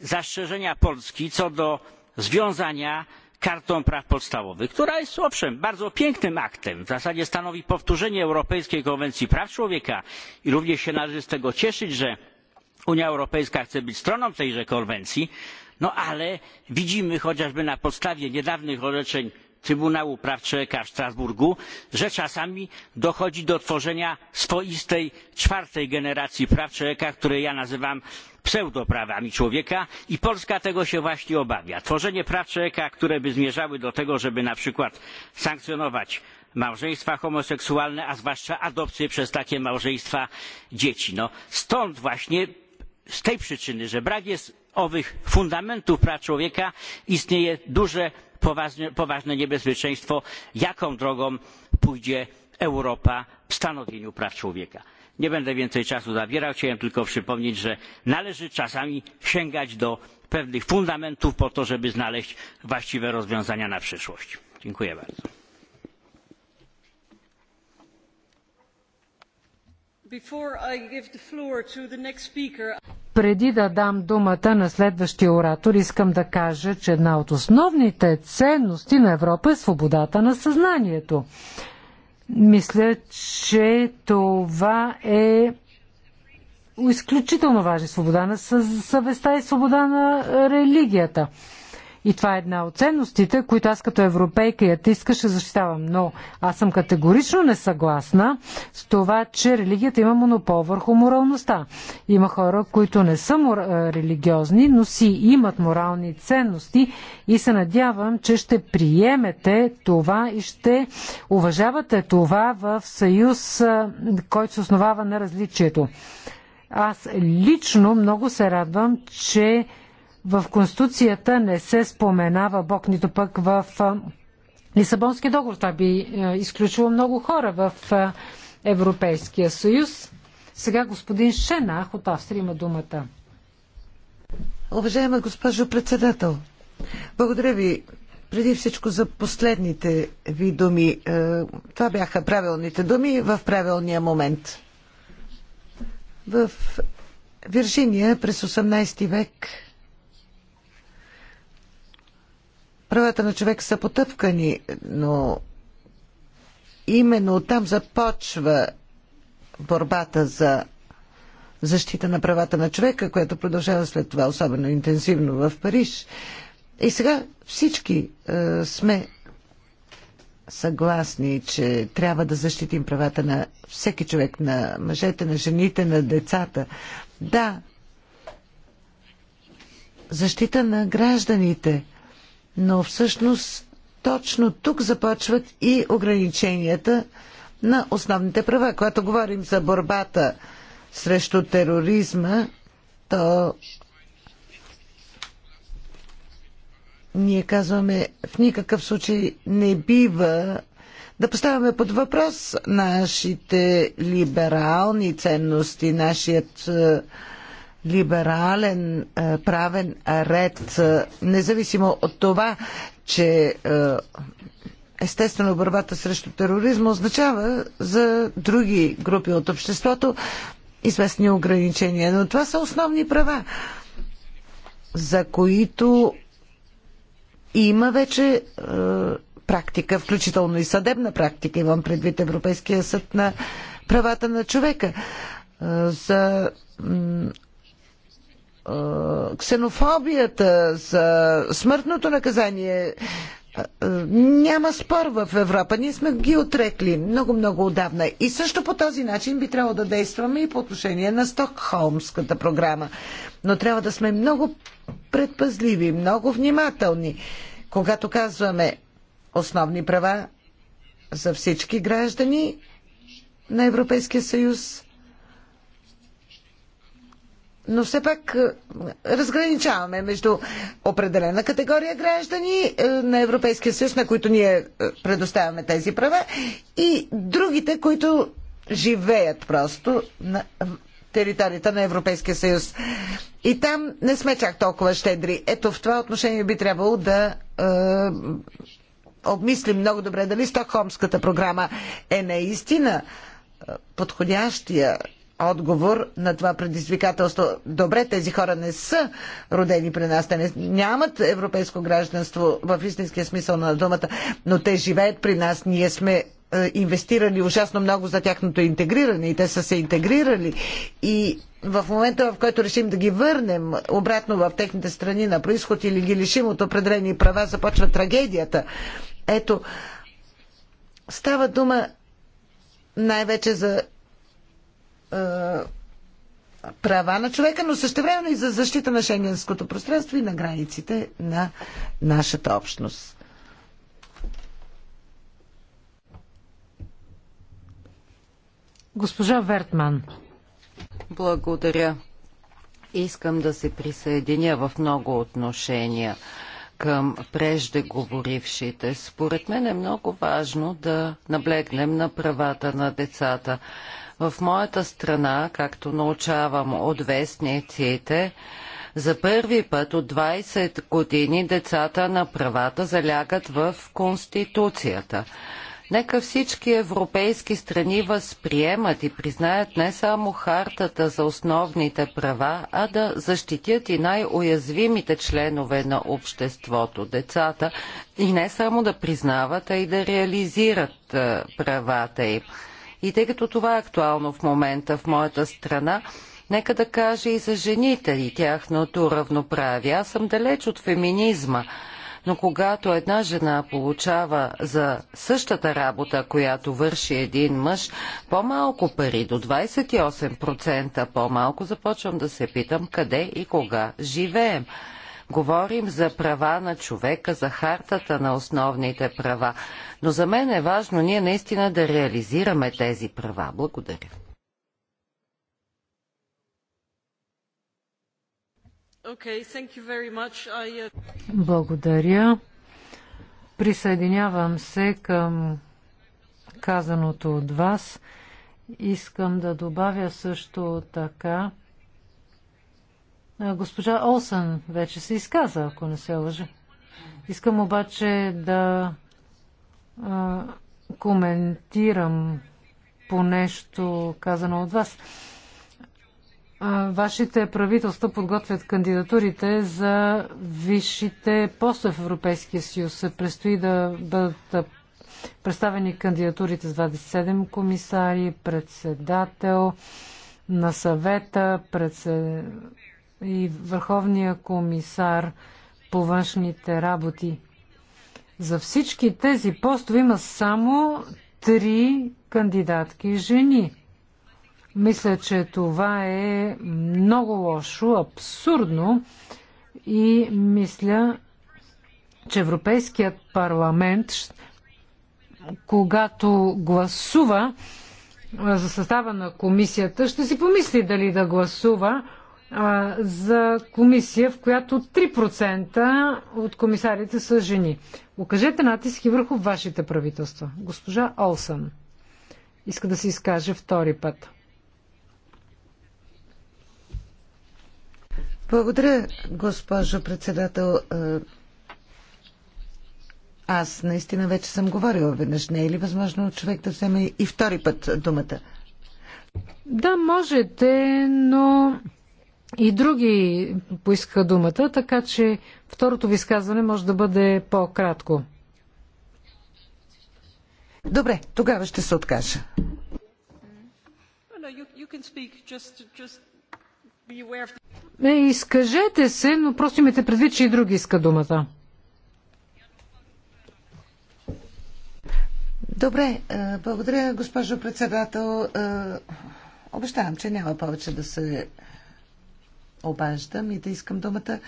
zastrzeżenia Polski co do związania kartą praw podstawowych która jest owszem bardzo pięknym aktem w zasadzie stanowi powtórzenie europejskiej konwencji praw człowieka i również się należy z tego cieszyć że unia europejska chce być stroną tejże konwencji no ale widzimy chociażby na podstawie niedawnych orzeczeń Trybunału Praw Człowieka w Strasburgu, że czasami dochodzi do tworzenia swoistej czwartej generacji praw człowieka, które ja nazywam pseudoprawami człowieka i Polska tego się właśnie obawia. Tworzenie praw człowieka, które by zmierzały do tego, żeby na przykład sankcjonować małżeństwa homoseksualne, a zwłaszcza adopcję przez takie małżeństwa dzieci. stąd właśnie z tej przyczyny, że brak jest owych fundamentów praw człowieka istnieje duże poważne niebezpieczeństwo jaką drogą pójdzie europa w stanowieniu praw człowieka. nie będę więcej czasu zabierał chciałem tylko przypomnieć że należy czasami sięgać do pewnych fundamentów po to żeby znaleźć właściwe rozwiązania na przyszłość. dziękuję bardzo. Преди да дам думата на следващия оратор, искам да кажа, че една от основните ценности на Европа е свободата на съзнанието. Мисля, че това е изключително важна свобода на съвестта и свобода на религията. И това е една от ценностите, които аз като европейка атистка ще защитавам. Но аз съм категорично несъгласна с това, че религията има монопол върху моралността. Има хора, които не са мор... религиозни, но си имат морални ценности и се надявам, че ще приемете това и ще уважавате това в съюз, който се основава на различието. Аз лично много се радвам, че в Конституцията не се споменава Бог, нито пък в Лисабонския договор. Това би изключило много хора в Европейския съюз. Сега господин Шенах от Австрия има думата. Уважаема госпожо председател, благодаря ви преди всичко за последните ви думи. Е, това бяха правилните думи в правилния момент. В Виржиния през 18 век Правата на човек са потъпкани, но именно там започва борбата за защита на правата на човека, която продължава след това особено интензивно в Париж. И сега всички е, сме съгласни, че трябва да защитим правата на всеки човек, на мъжете, на жените, на децата. Да, защита на гражданите. Но всъщност точно тук започват и ограниченията на основните права. Когато говорим за борбата срещу тероризма, то ние казваме в никакъв случай не бива да поставяме под въпрос нашите либерални ценности, нашият либерален е, правен ред, е, независимо от това, че е, естествено борбата срещу тероризма означава за други групи от обществото известни ограничения. Но това са основни права, за които има вече е, практика, включително и съдебна практика, имам предвид Европейския съд на правата на човека, е, за ксенофобията, за смъртното наказание. Няма спор в Европа. Ние сме ги отрекли много-много отдавна. И също по този начин би трябвало да действаме и по отношение на Стокхолмската програма. Но трябва да сме много предпазливи, много внимателни, когато казваме основни права за всички граждани на Европейския съюз но все пак е, разграничаваме между определена категория граждани е, на Европейския съюз, на които ние е, предоставяме тези права, и другите, които живеят просто на територията на Европейския съюз. И там не сме чак толкова щедри. Ето в това отношение би трябвало да е, обмислим много добре дали Стокхолмската програма е наистина подходящия отговор на това предизвикателство. Добре, тези хора не са родени при нас, те не, нямат европейско гражданство в истинския смисъл на думата, но те живеят при нас, ние сме е, инвестирали ужасно много за тяхното интегриране и те са се интегрирали. И в момента, в който решим да ги върнем обратно в техните страни на происход или ги лишим от определени права, започва трагедията. Ето, става дума най-вече за е, права на човека, но същевременно и за защита на шенгенското пространство и на границите на нашата общност. Госпожа Вертман. Благодаря. Искам да се присъединя в много отношения към преждеговорившите. Според мен е много важно да наблегнем на правата на децата. В моята страна, както научавам от вестниците, за първи път от 20 години децата на правата залягат в Конституцията. Нека всички европейски страни възприемат и признаят не само хартата за основните права, а да защитят и най-уязвимите членове на обществото, децата, и не само да признават, а и да реализират е, правата им. И тъй като това е актуално в момента в моята страна, нека да кажа и за жените и тяхното равноправие. Аз съм далеч от феминизма, но когато една жена получава за същата работа, която върши един мъж, по-малко пари, до 28% по-малко, започвам да се питам къде и кога живеем. Говорим за права на човека, за хартата на основните права. Но за мен е важно ние наистина да реализираме тези права. Благодаря. Okay, I... Uh, Благодаря. Присъединявам се към казаното от вас. Искам да добавя също така, Госпожа Олсън вече се изказа, ако не се лъжа. Искам обаче да а, коментирам по нещо казано от вас. вашите правителства подготвят кандидатурите за висшите постове в Европейския съюз. Предстои да бъдат представени кандидатурите с 27 комисари, председател на съвета, председател и Върховния комисар по външните работи. За всички тези постове има само три кандидатки жени. Мисля, че това е много лошо, абсурдно и мисля, че Европейският парламент, когато гласува за състава на комисията, ще си помисли дали да гласува а, за комисия, в която 3% от комисарите са жени. Окажете натиски върху вашите правителства. Госпожа Олсън иска да се изкаже втори път. Благодаря, госпожо председател. Аз наистина вече съм говорила веднъж. Не е ли възможно човек да вземе и втори път думата? Да, можете, но и други поискаха думата, така че второто ви изказване може да бъде по-кратко. Добре, тогава ще се откажа. Не, изкажете се, но просто имате предвид, че и други иска думата. Добре, е, благодаря, госпожо председател. Е, обещавам, че няма повече да се обаждам и да искам думата.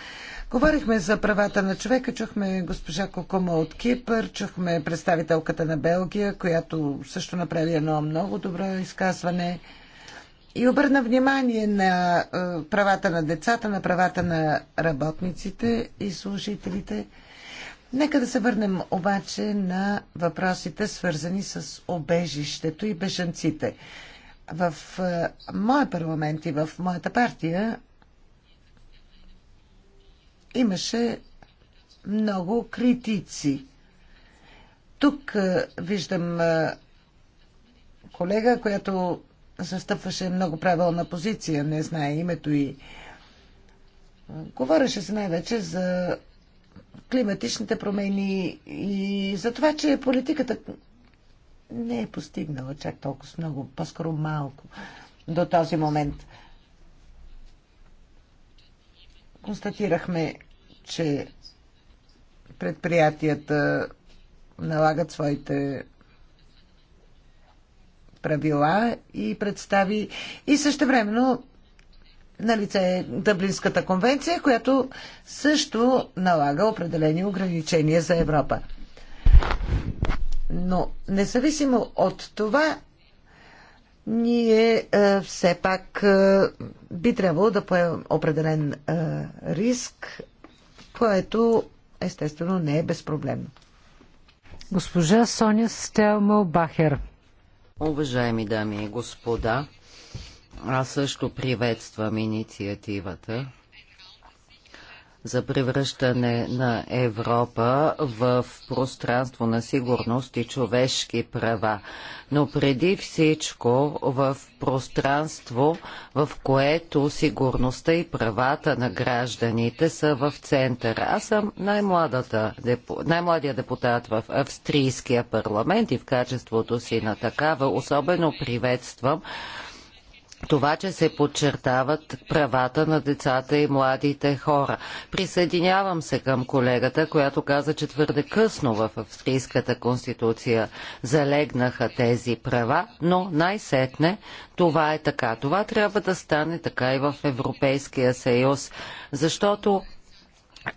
Говорихме за правата на човека, чухме госпожа Кокома от Кипър, чухме представителката на Белгия, която също направи едно много добро изказване и обърна внимание на е, правата на децата, на правата на работниците и служителите. Нека да се върнем обаче на въпросите, свързани с обежището и бежанците. В е, моя парламент и в моята партия имаше много критици. Тук виждам колега, която застъпваше много правилна позиция, не знае името и говореше се най-вече за климатичните промени и за това, че политиката не е постигнала чак толкова много, по-скоро малко до този момент. констатирахме, че предприятията налагат своите правила и представи и също времено на лице е Дъблинската конвенция, която също налага определени ограничения за Европа. Но независимо от това, ние а, е, все пак а, е, би трябвало да поемем определен а, е, риск, което естествено не е безпроблемно. Госпожа Соня Стелмълбахер. Уважаеми дами и господа, аз също приветствам инициативата за превръщане на Европа в пространство на сигурност и човешки права, но преди всичко в пространство, в което сигурността и правата на гражданите са в център. Аз съм най-младата, най-младия депутат в австрийския парламент и в качеството си на такава особено приветствам това, че се подчертават правата на децата и младите хора. Присъединявам се към колегата, която каза, че твърде късно в Австрийската конституция залегнаха тези права, но най-сетне това е така. Това трябва да стане така и в Европейския съюз, защото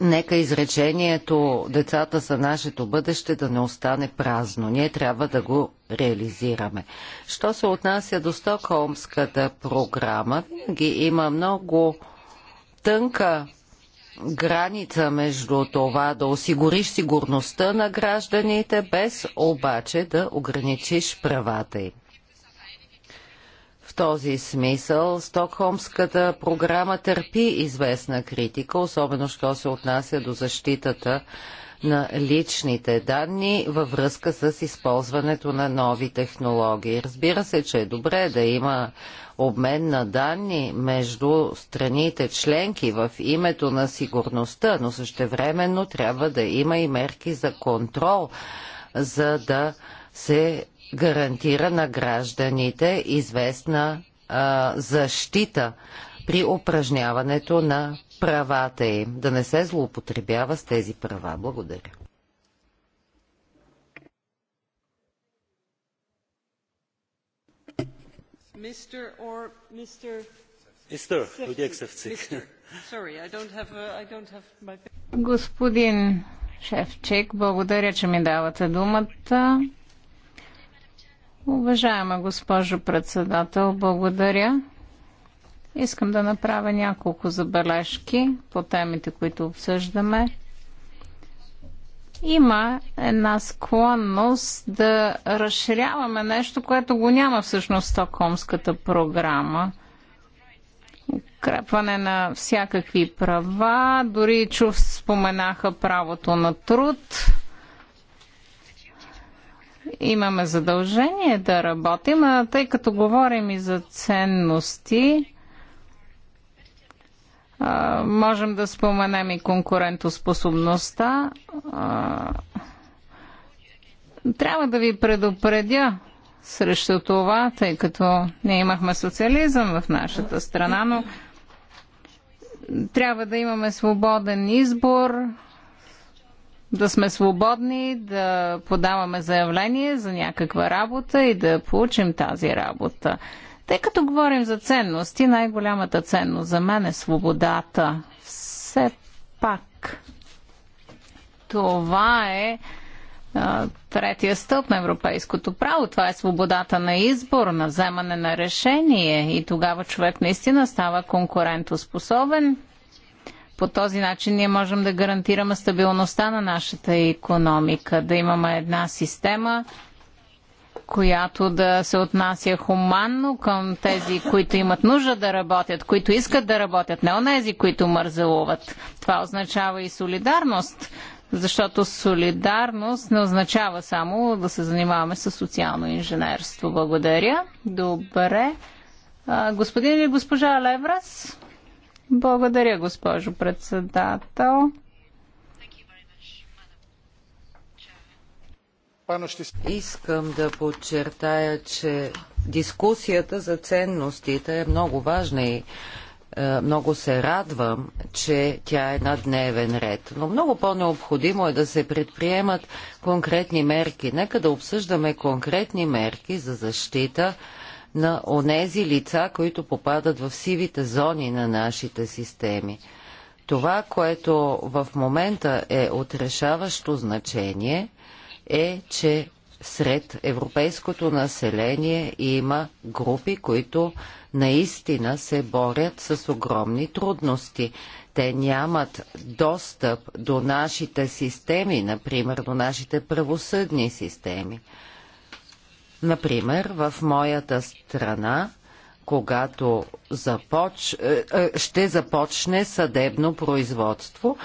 Нека изречението «Децата са нашето бъдеще» да не остане празно. Ние трябва да го реализираме. Що се отнася до Стокхолмската програма, винаги има много тънка граница между това да осигуриш сигурността на гражданите, без обаче да ограничиш правата им този смисъл Стокхолмската програма търпи известна критика, особено що се отнася до защитата на личните данни във връзка с използването на нови технологии. Разбира се, че е добре да има обмен на данни между страните членки в името на сигурността, но същевременно трябва да има и мерки за контрол, за да се гарантира на гражданите известна а, защита при упражняването на правата им, да не се злоупотребява с тези права. Благодаря. Uh, Господин Шефчик, благодаря, че ми давате думата. Уважаема госпожо председател, благодаря. Искам да направя няколко забележки по темите, които обсъждаме. Има една склонност да разширяваме нещо, което го няма всъщност в Стокхолмската програма укрепване на всякакви права, дори чув споменаха правото на труд имаме задължение да работим, а тъй като говорим и за ценности, можем да споменем и конкурентоспособността. Трябва да ви предупредя срещу това, тъй като не имахме социализъм в нашата страна, но трябва да имаме свободен избор, да сме свободни, да подаваме заявление за някаква работа и да получим тази работа. Тъй като говорим за ценности, най-голямата ценност за мен е свободата. Все пак. Това е а, третия стълб на европейското право. Това е свободата на избор, на вземане на решение. И тогава човек наистина става конкурентоспособен по този начин ние можем да гарантираме стабилността на нашата економика, да имаме една система, която да се отнася хуманно към тези, които имат нужда да работят, които искат да работят, не онези, които мързелуват. Това означава и солидарност, защото солидарност не означава само да се занимаваме с социално инженерство. Благодаря. Добре. А, господин или госпожа Леврас? Благодаря, госпожо председател. Искам да подчертая, че дискусията за ценностите е много важна и е, много се радвам, че тя е на дневен ред. Но много по-необходимо е да се предприемат конкретни мерки. Нека да обсъждаме конкретни мерки за защита на онези лица, които попадат в сивите зони на нашите системи. Това, което в момента е отрешаващо значение, е, че сред европейското население има групи, които наистина се борят с огромни трудности. Те нямат достъп до нашите системи, например до нашите правосъдни системи. Например, в моята страна, когато започ... Е, е, ще започне съдебно производство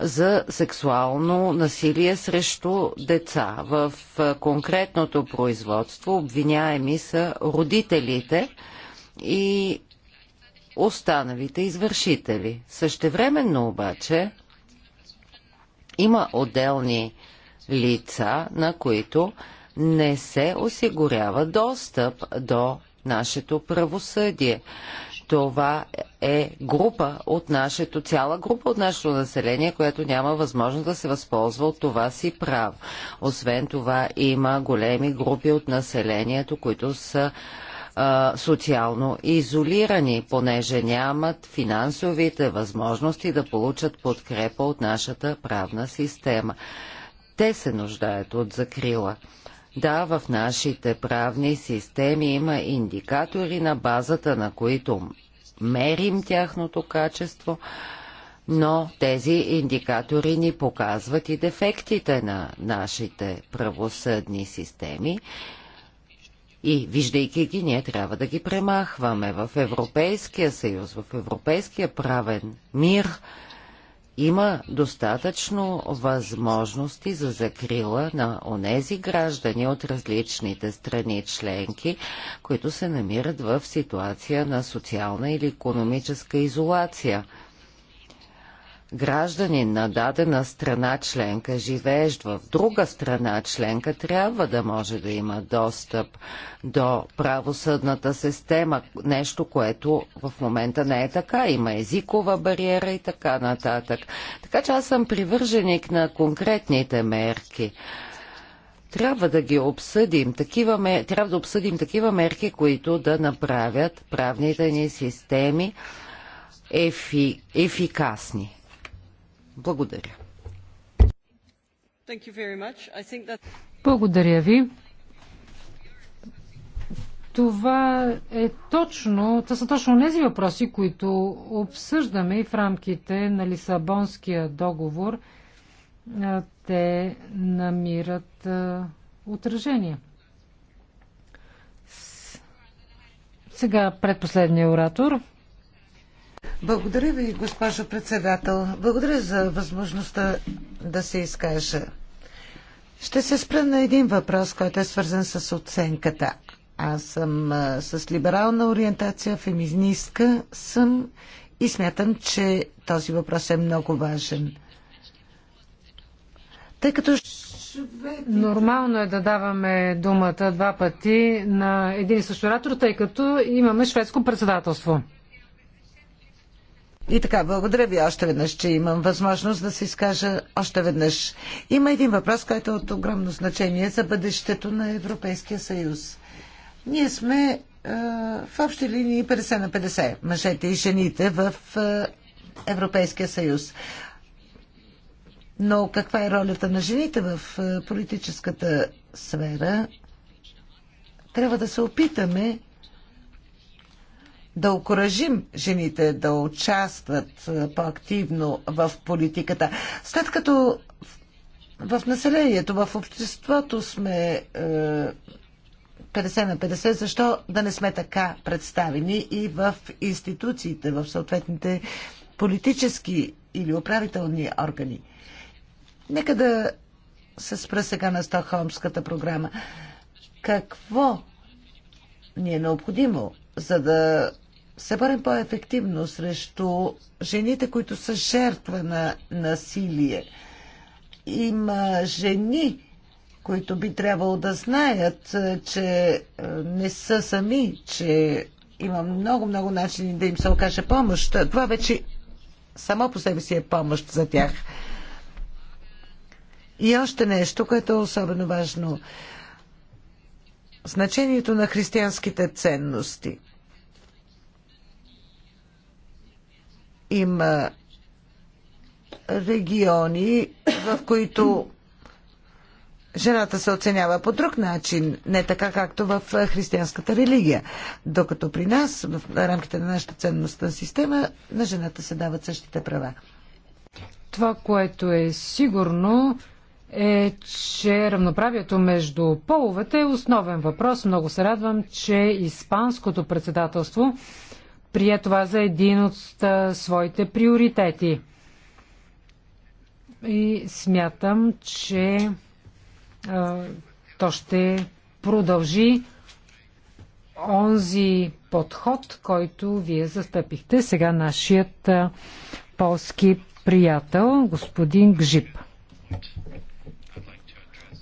за сексуално насилие срещу деца. В е, конкретното производство обвиняеми са родителите и останалите извършители. Същевременно обаче има отделни лица, на които не се осигурява достъп до нашето правосъдие. Това е група от нашето, цяла група от нашето население, което няма възможност да се възползва от това си право. Освен това има големи групи от населението, които са социално изолирани, понеже нямат финансовите възможности да получат подкрепа от нашата правна система. Те се нуждаят от закрила. Да, в нашите правни системи има индикатори на базата, на които мерим тяхното качество, но тези индикатори ни показват и дефектите на нашите правосъдни системи. И виждайки ги, ние трябва да ги премахваме в Европейския съюз, в Европейския правен мир – има достатъчно възможности за закрила на онези граждани от различните страни членки, които се намират в ситуация на социална или економическа изолация – гражданин на дадена страна членка, живеещ в друга страна членка, трябва да може да има достъп до правосъдната система, нещо, което в момента не е така. Има езикова бариера и така нататък. Така че аз съм привърженик на конкретните мерки трябва да ги обсъдим. Такива, трябва да обсъдим такива мерки, които да направят правните ни системи ефи, ефикасни. Благодаря. Благодаря ви. Това, е точно, това са точно тези въпроси, които обсъждаме и в рамките на Лисабонския договор. Те намират отражение. Сега предпоследния оратор. Благодаря ви, госпожо председател. Благодаря за възможността да се изкажа. Ще се спра на един въпрос, който е свързан с оценката. Аз съм с либерална ориентация, феминистка съм и смятам, че този въпрос е много важен. Тъй като Нормално е да даваме думата два пъти на един и същ оратор, тъй като имаме шведско председателство. И така, благодаря ви още веднъж, че имам възможност да се изкажа още веднъж. Има един въпрос, който е от огромно значение за бъдещето на Европейския съюз. Ние сме е, в общи линии 50 на 50, мъжете и жените в е, Европейския съюз. Но каква е ролята на жените в е, политическата сфера? Трябва да се опитаме да окоръжим жените да участват по-активно в политиката. След като в населението, в обществото сме 50 е, на 50, защо да не сме така представени и в институциите, в съответните политически или управителни органи. Нека да се спра сега на Стокхолмската програма. Какво ни е необходимо, за да се борим по-ефективно срещу жените, които са жертва на насилие. Има жени, които би трябвало да знаят, е, че е, не са сами, че има много-много начини да им се окаже помощ. Това вече само по себе си е помощ за тях. И още нещо, което е особено важно. Значението на християнските ценности – Има региони, в които жената се оценява по друг начин, не така както в е, християнската религия. Докато при нас, в рамките на нашата ценностна система, на жената се дават същите права. Това, което е сигурно, е, че равноправието между половете е основен въпрос. Много се радвам, че Испанското председателство прие това за един от своите приоритети. И смятам, че а, то ще продължи онзи подход, който вие застъпихте. Сега нашият а, полски приятел, господин Гжип.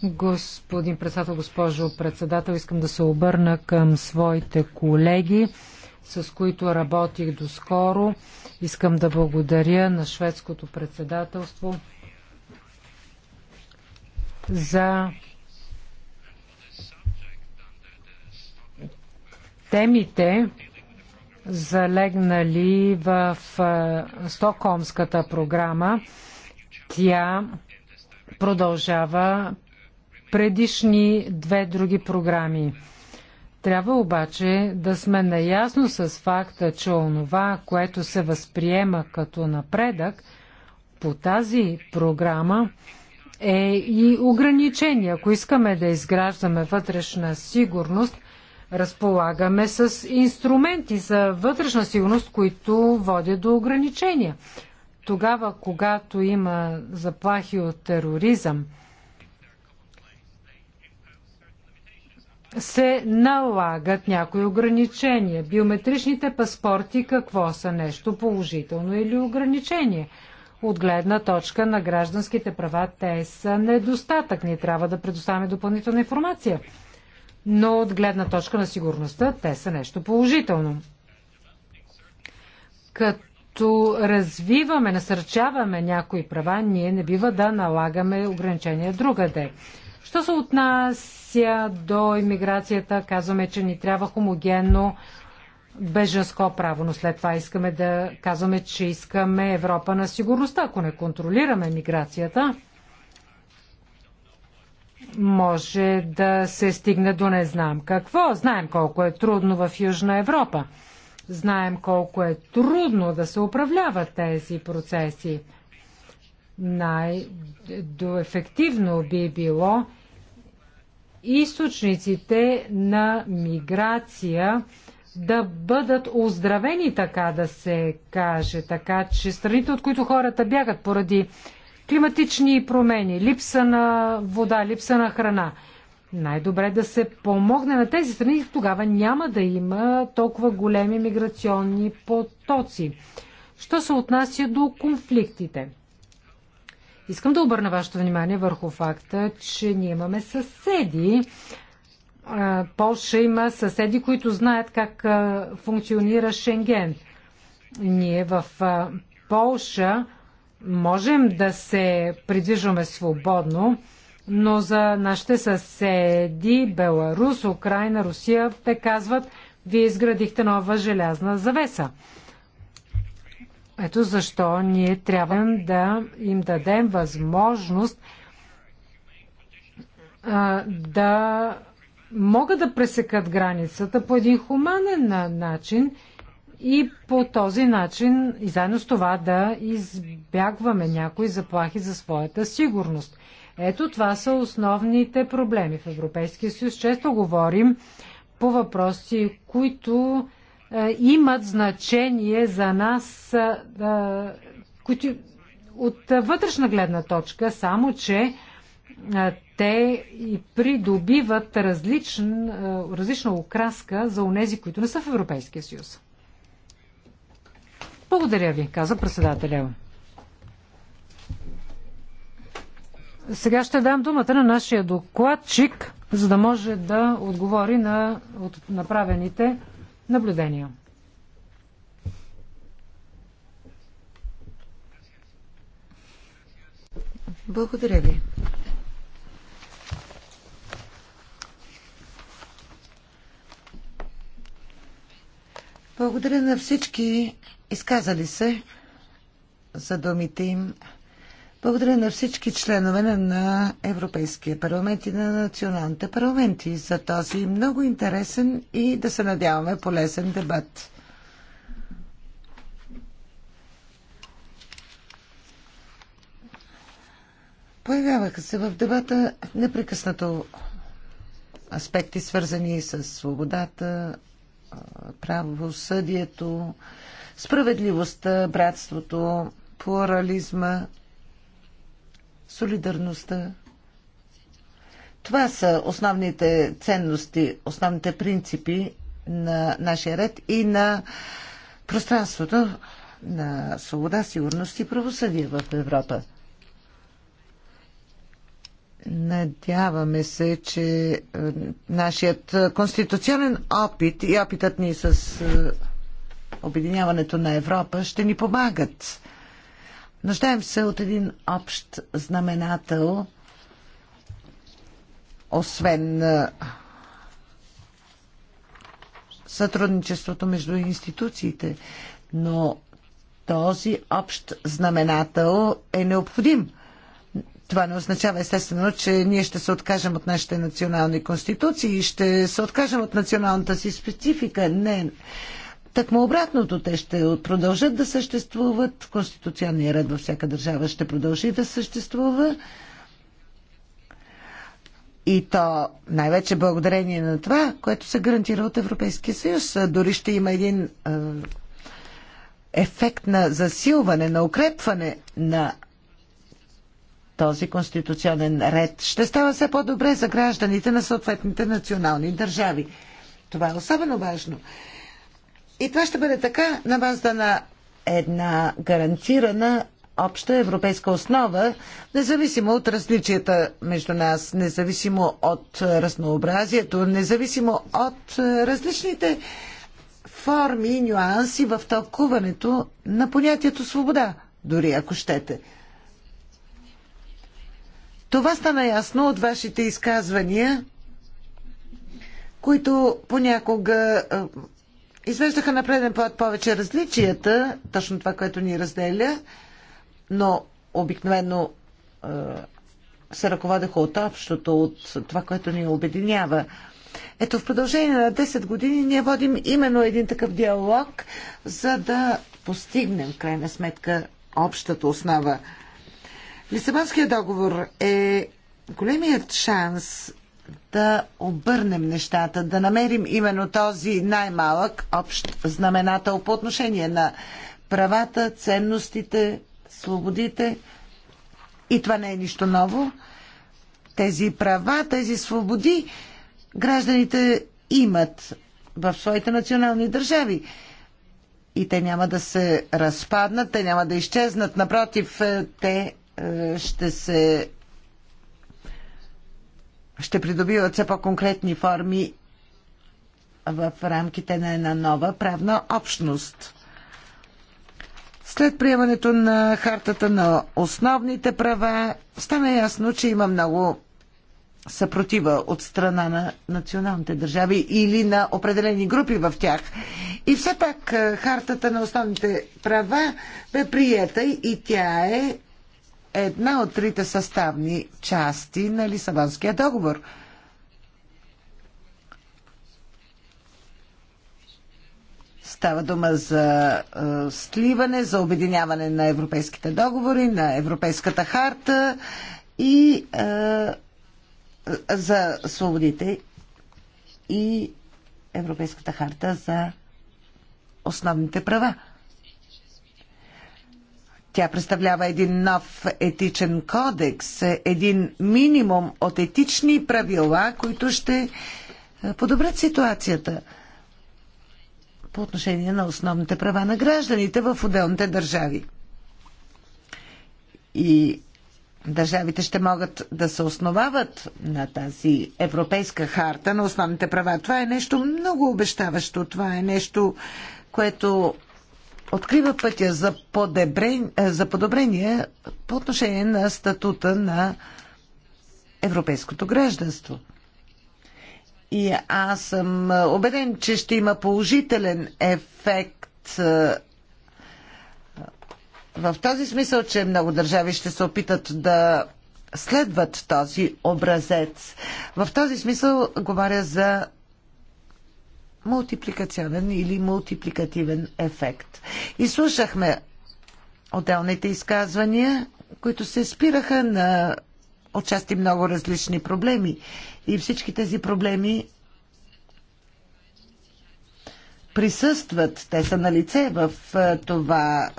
Господин председател, госпожо председател, искам да се обърна към своите колеги с които работих доскоро. Искам да благодаря на шведското председателство за темите, залегнали в Стокхолмската програма. Тя продължава предишни две други програми. Трябва обаче да сме наясно с факта, че онова, което се възприема като напредък по тази програма, е и ограничение. Ако искаме да изграждаме вътрешна сигурност, разполагаме с инструменти за вътрешна сигурност, които водят до ограничения. Тогава, когато има заплахи от тероризъм, се налагат някои ограничения. Биометричните паспорти какво са нещо положително или ограничение? От гледна точка на гражданските права те са недостатък. Ние трябва да предоставяме допълнителна информация. Но от гледна точка на сигурността те са нещо положително. Като развиваме, насърчаваме някои права, ние не бива да налагаме ограничения другаде. Що се отнася до иммиграцията, казваме, че ни трябва хомогенно беженско право, но след това искаме да казваме, че искаме Европа на сигурността. Ако не контролираме миграцията, може да се стигне до не знам какво. Знаем колко е трудно в Южна Европа. Знаем колко е трудно да се управляват тези процеси най-ефективно би било източниците на миграция да бъдат оздравени, така да се каже, така че страните, от които хората бягат поради климатични промени, липса на вода, липса на храна, най-добре да се помогне на тези страни, тогава няма да има толкова големи миграционни потоци. Що се отнася до конфликтите? Искам да обърна вашето внимание върху факта, че ние имаме съседи. Полша има съседи, които знаят как функционира Шенген. Ние в Полша можем да се придвижваме свободно, но за нашите съседи Беларус, Украина, Русия те казват, вие изградихте нова желязна завеса. Ето защо ние трябва да им дадем възможност а, да могат да пресекат границата по един хуманен начин и по този начин, и заедно с това да избягваме някои заплахи за своята сигурност. Ето това са основните проблеми в Европейския съюз. Често говорим по въпроси, които е, имат значение за нас, е, е, които от вътрешна гледна точка, само че те и придобиват различен, различна окраска за унези, които не са в Европейския съюз. Благодаря ви, каза председателя. Сега ще дам думата на нашия докладчик, за да може да отговори на направените наблюдения. Благодаря ви. Благодаря на всички изказали се за думите им. Благодаря на всички членове на Европейския парламент и на националните парламенти за този много интересен и да се надяваме полезен дебат. Появяваха се в дебата непрекъснато аспекти, свързани с свободата, правосъдието, справедливостта, братството, плурализма, солидарността. Това са основните ценности, основните принципи на нашия ред и на пространството на свобода, сигурност и правосъдие в Европа. Надяваме се, че е, нашият е, конституционен опит и опитът ни с е, обединяването на Европа ще ни помагат Нуждаем се от един общ знаменател, освен сътрудничеството между институциите, но този общ знаменател е необходим. Това не означава естествено, че ние ще се откажем от нашите национални конституции и ще се откажем от националната си специфика. Не. Такмо обратното, те ще продължат да съществуват. Конституционният ред във всяка държава ще продължи да съществува. И то най-вече благодарение на това, което се гарантира от Европейския съюз. Дори ще има един ефект на засилване, на укрепване на този конституционен ред. Ще става все по-добре за гражданите на съответните национални държави. Това е особено важно. И това ще бъде така на базата на една гарантирана обща европейска основа, независимо от различията между нас, независимо от разнообразието, независимо от различните форми и нюанси в тълкуването на понятието свобода, дори ако щете. Това стана ясно от вашите изказвания, които понякога извеждаха на преден плат повече различията, точно това, което ни разделя, но обикновено е, се ръководеха от общото, от това, което ни обединява. Ето в продължение на 10 години ние водим именно един такъв диалог, за да постигнем в крайна сметка общата основа. Лисабонският договор е големият шанс да обърнем нещата, да намерим именно този най-малък общ знаменател по отношение на правата, ценностите, свободите. И това не е нищо ново. Тези права, тези свободи гражданите имат в своите национални държави. И те няма да се разпаднат, те няма да изчезнат. Напротив, е, те е, ще се ще придобиват все по-конкретни форми в рамките на една нова правна общност. След приемането на хартата на основните права, стана ясно, че има много съпротива от страна на националните държави или на определени групи в тях. И все пак е, хартата на основните права бе приета и тя е една от трите съставни части на Лисабонския договор. Става дума за е, сливане, за обединяване на европейските договори, на Европейската харта и е, за свободите и Европейската харта за основните права. Тя представлява един нов етичен кодекс, един минимум от етични правила, които ще е, подобрят ситуацията по отношение на основните права на гражданите в отделните държави. И държавите ще могат да се основават на тази Европейска харта на основните права. Това е нещо много обещаващо. Това е нещо, което открива пътя за, подебрен, е, за подобрение по отношение на статута на европейското гражданство. И аз съм убеден, че ще има положителен ефект е, в този смисъл, че много държави ще се опитат да следват този образец. В този смисъл говоря за мултипликационен или мултипликативен ефект. И слушахме отделните изказвания, които се спираха на отчасти много различни проблеми. И всички тези проблеми присъстват, те са на лице в това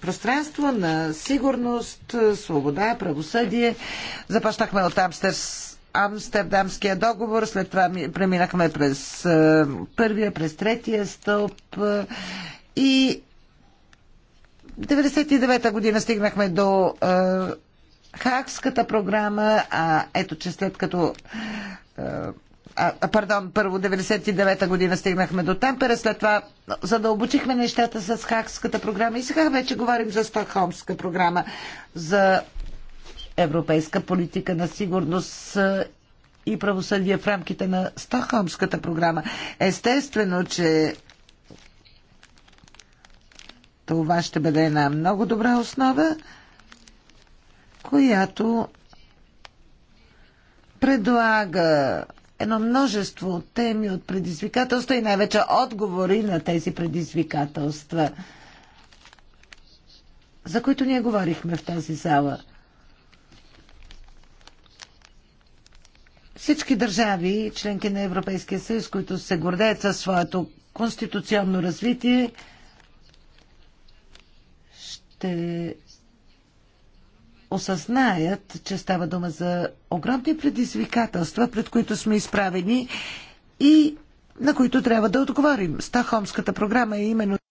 пространство на сигурност, свобода, правосъдие. Започнахме от Амстерс Амстердамския договор, след това преминахме през е, първия, през третия стълб е, и 99-та година стигнахме до е, Хакската програма, а ето че след като е, а, пардон, първо 99-та година стигнахме до Тампера, след това задълбочихме нещата с Хакската програма и сега вече говорим за Стокхолмска програма, за европейска политика на сигурност и правосъдие в рамките на Стокхолмската програма. Естествено, че това ще бъде една много добра основа, която предлага едно множество теми от предизвикателства и най-вече отговори на тези предизвикателства, за които ние говорихме в тази зала – Всички държави, членки на Европейския съюз, които се гордеят със своето конституционно развитие, ще осъзнаят, че става дума за огромни предизвикателства, пред които сме изправени и на които трябва да отговорим. Стахомската програма е именно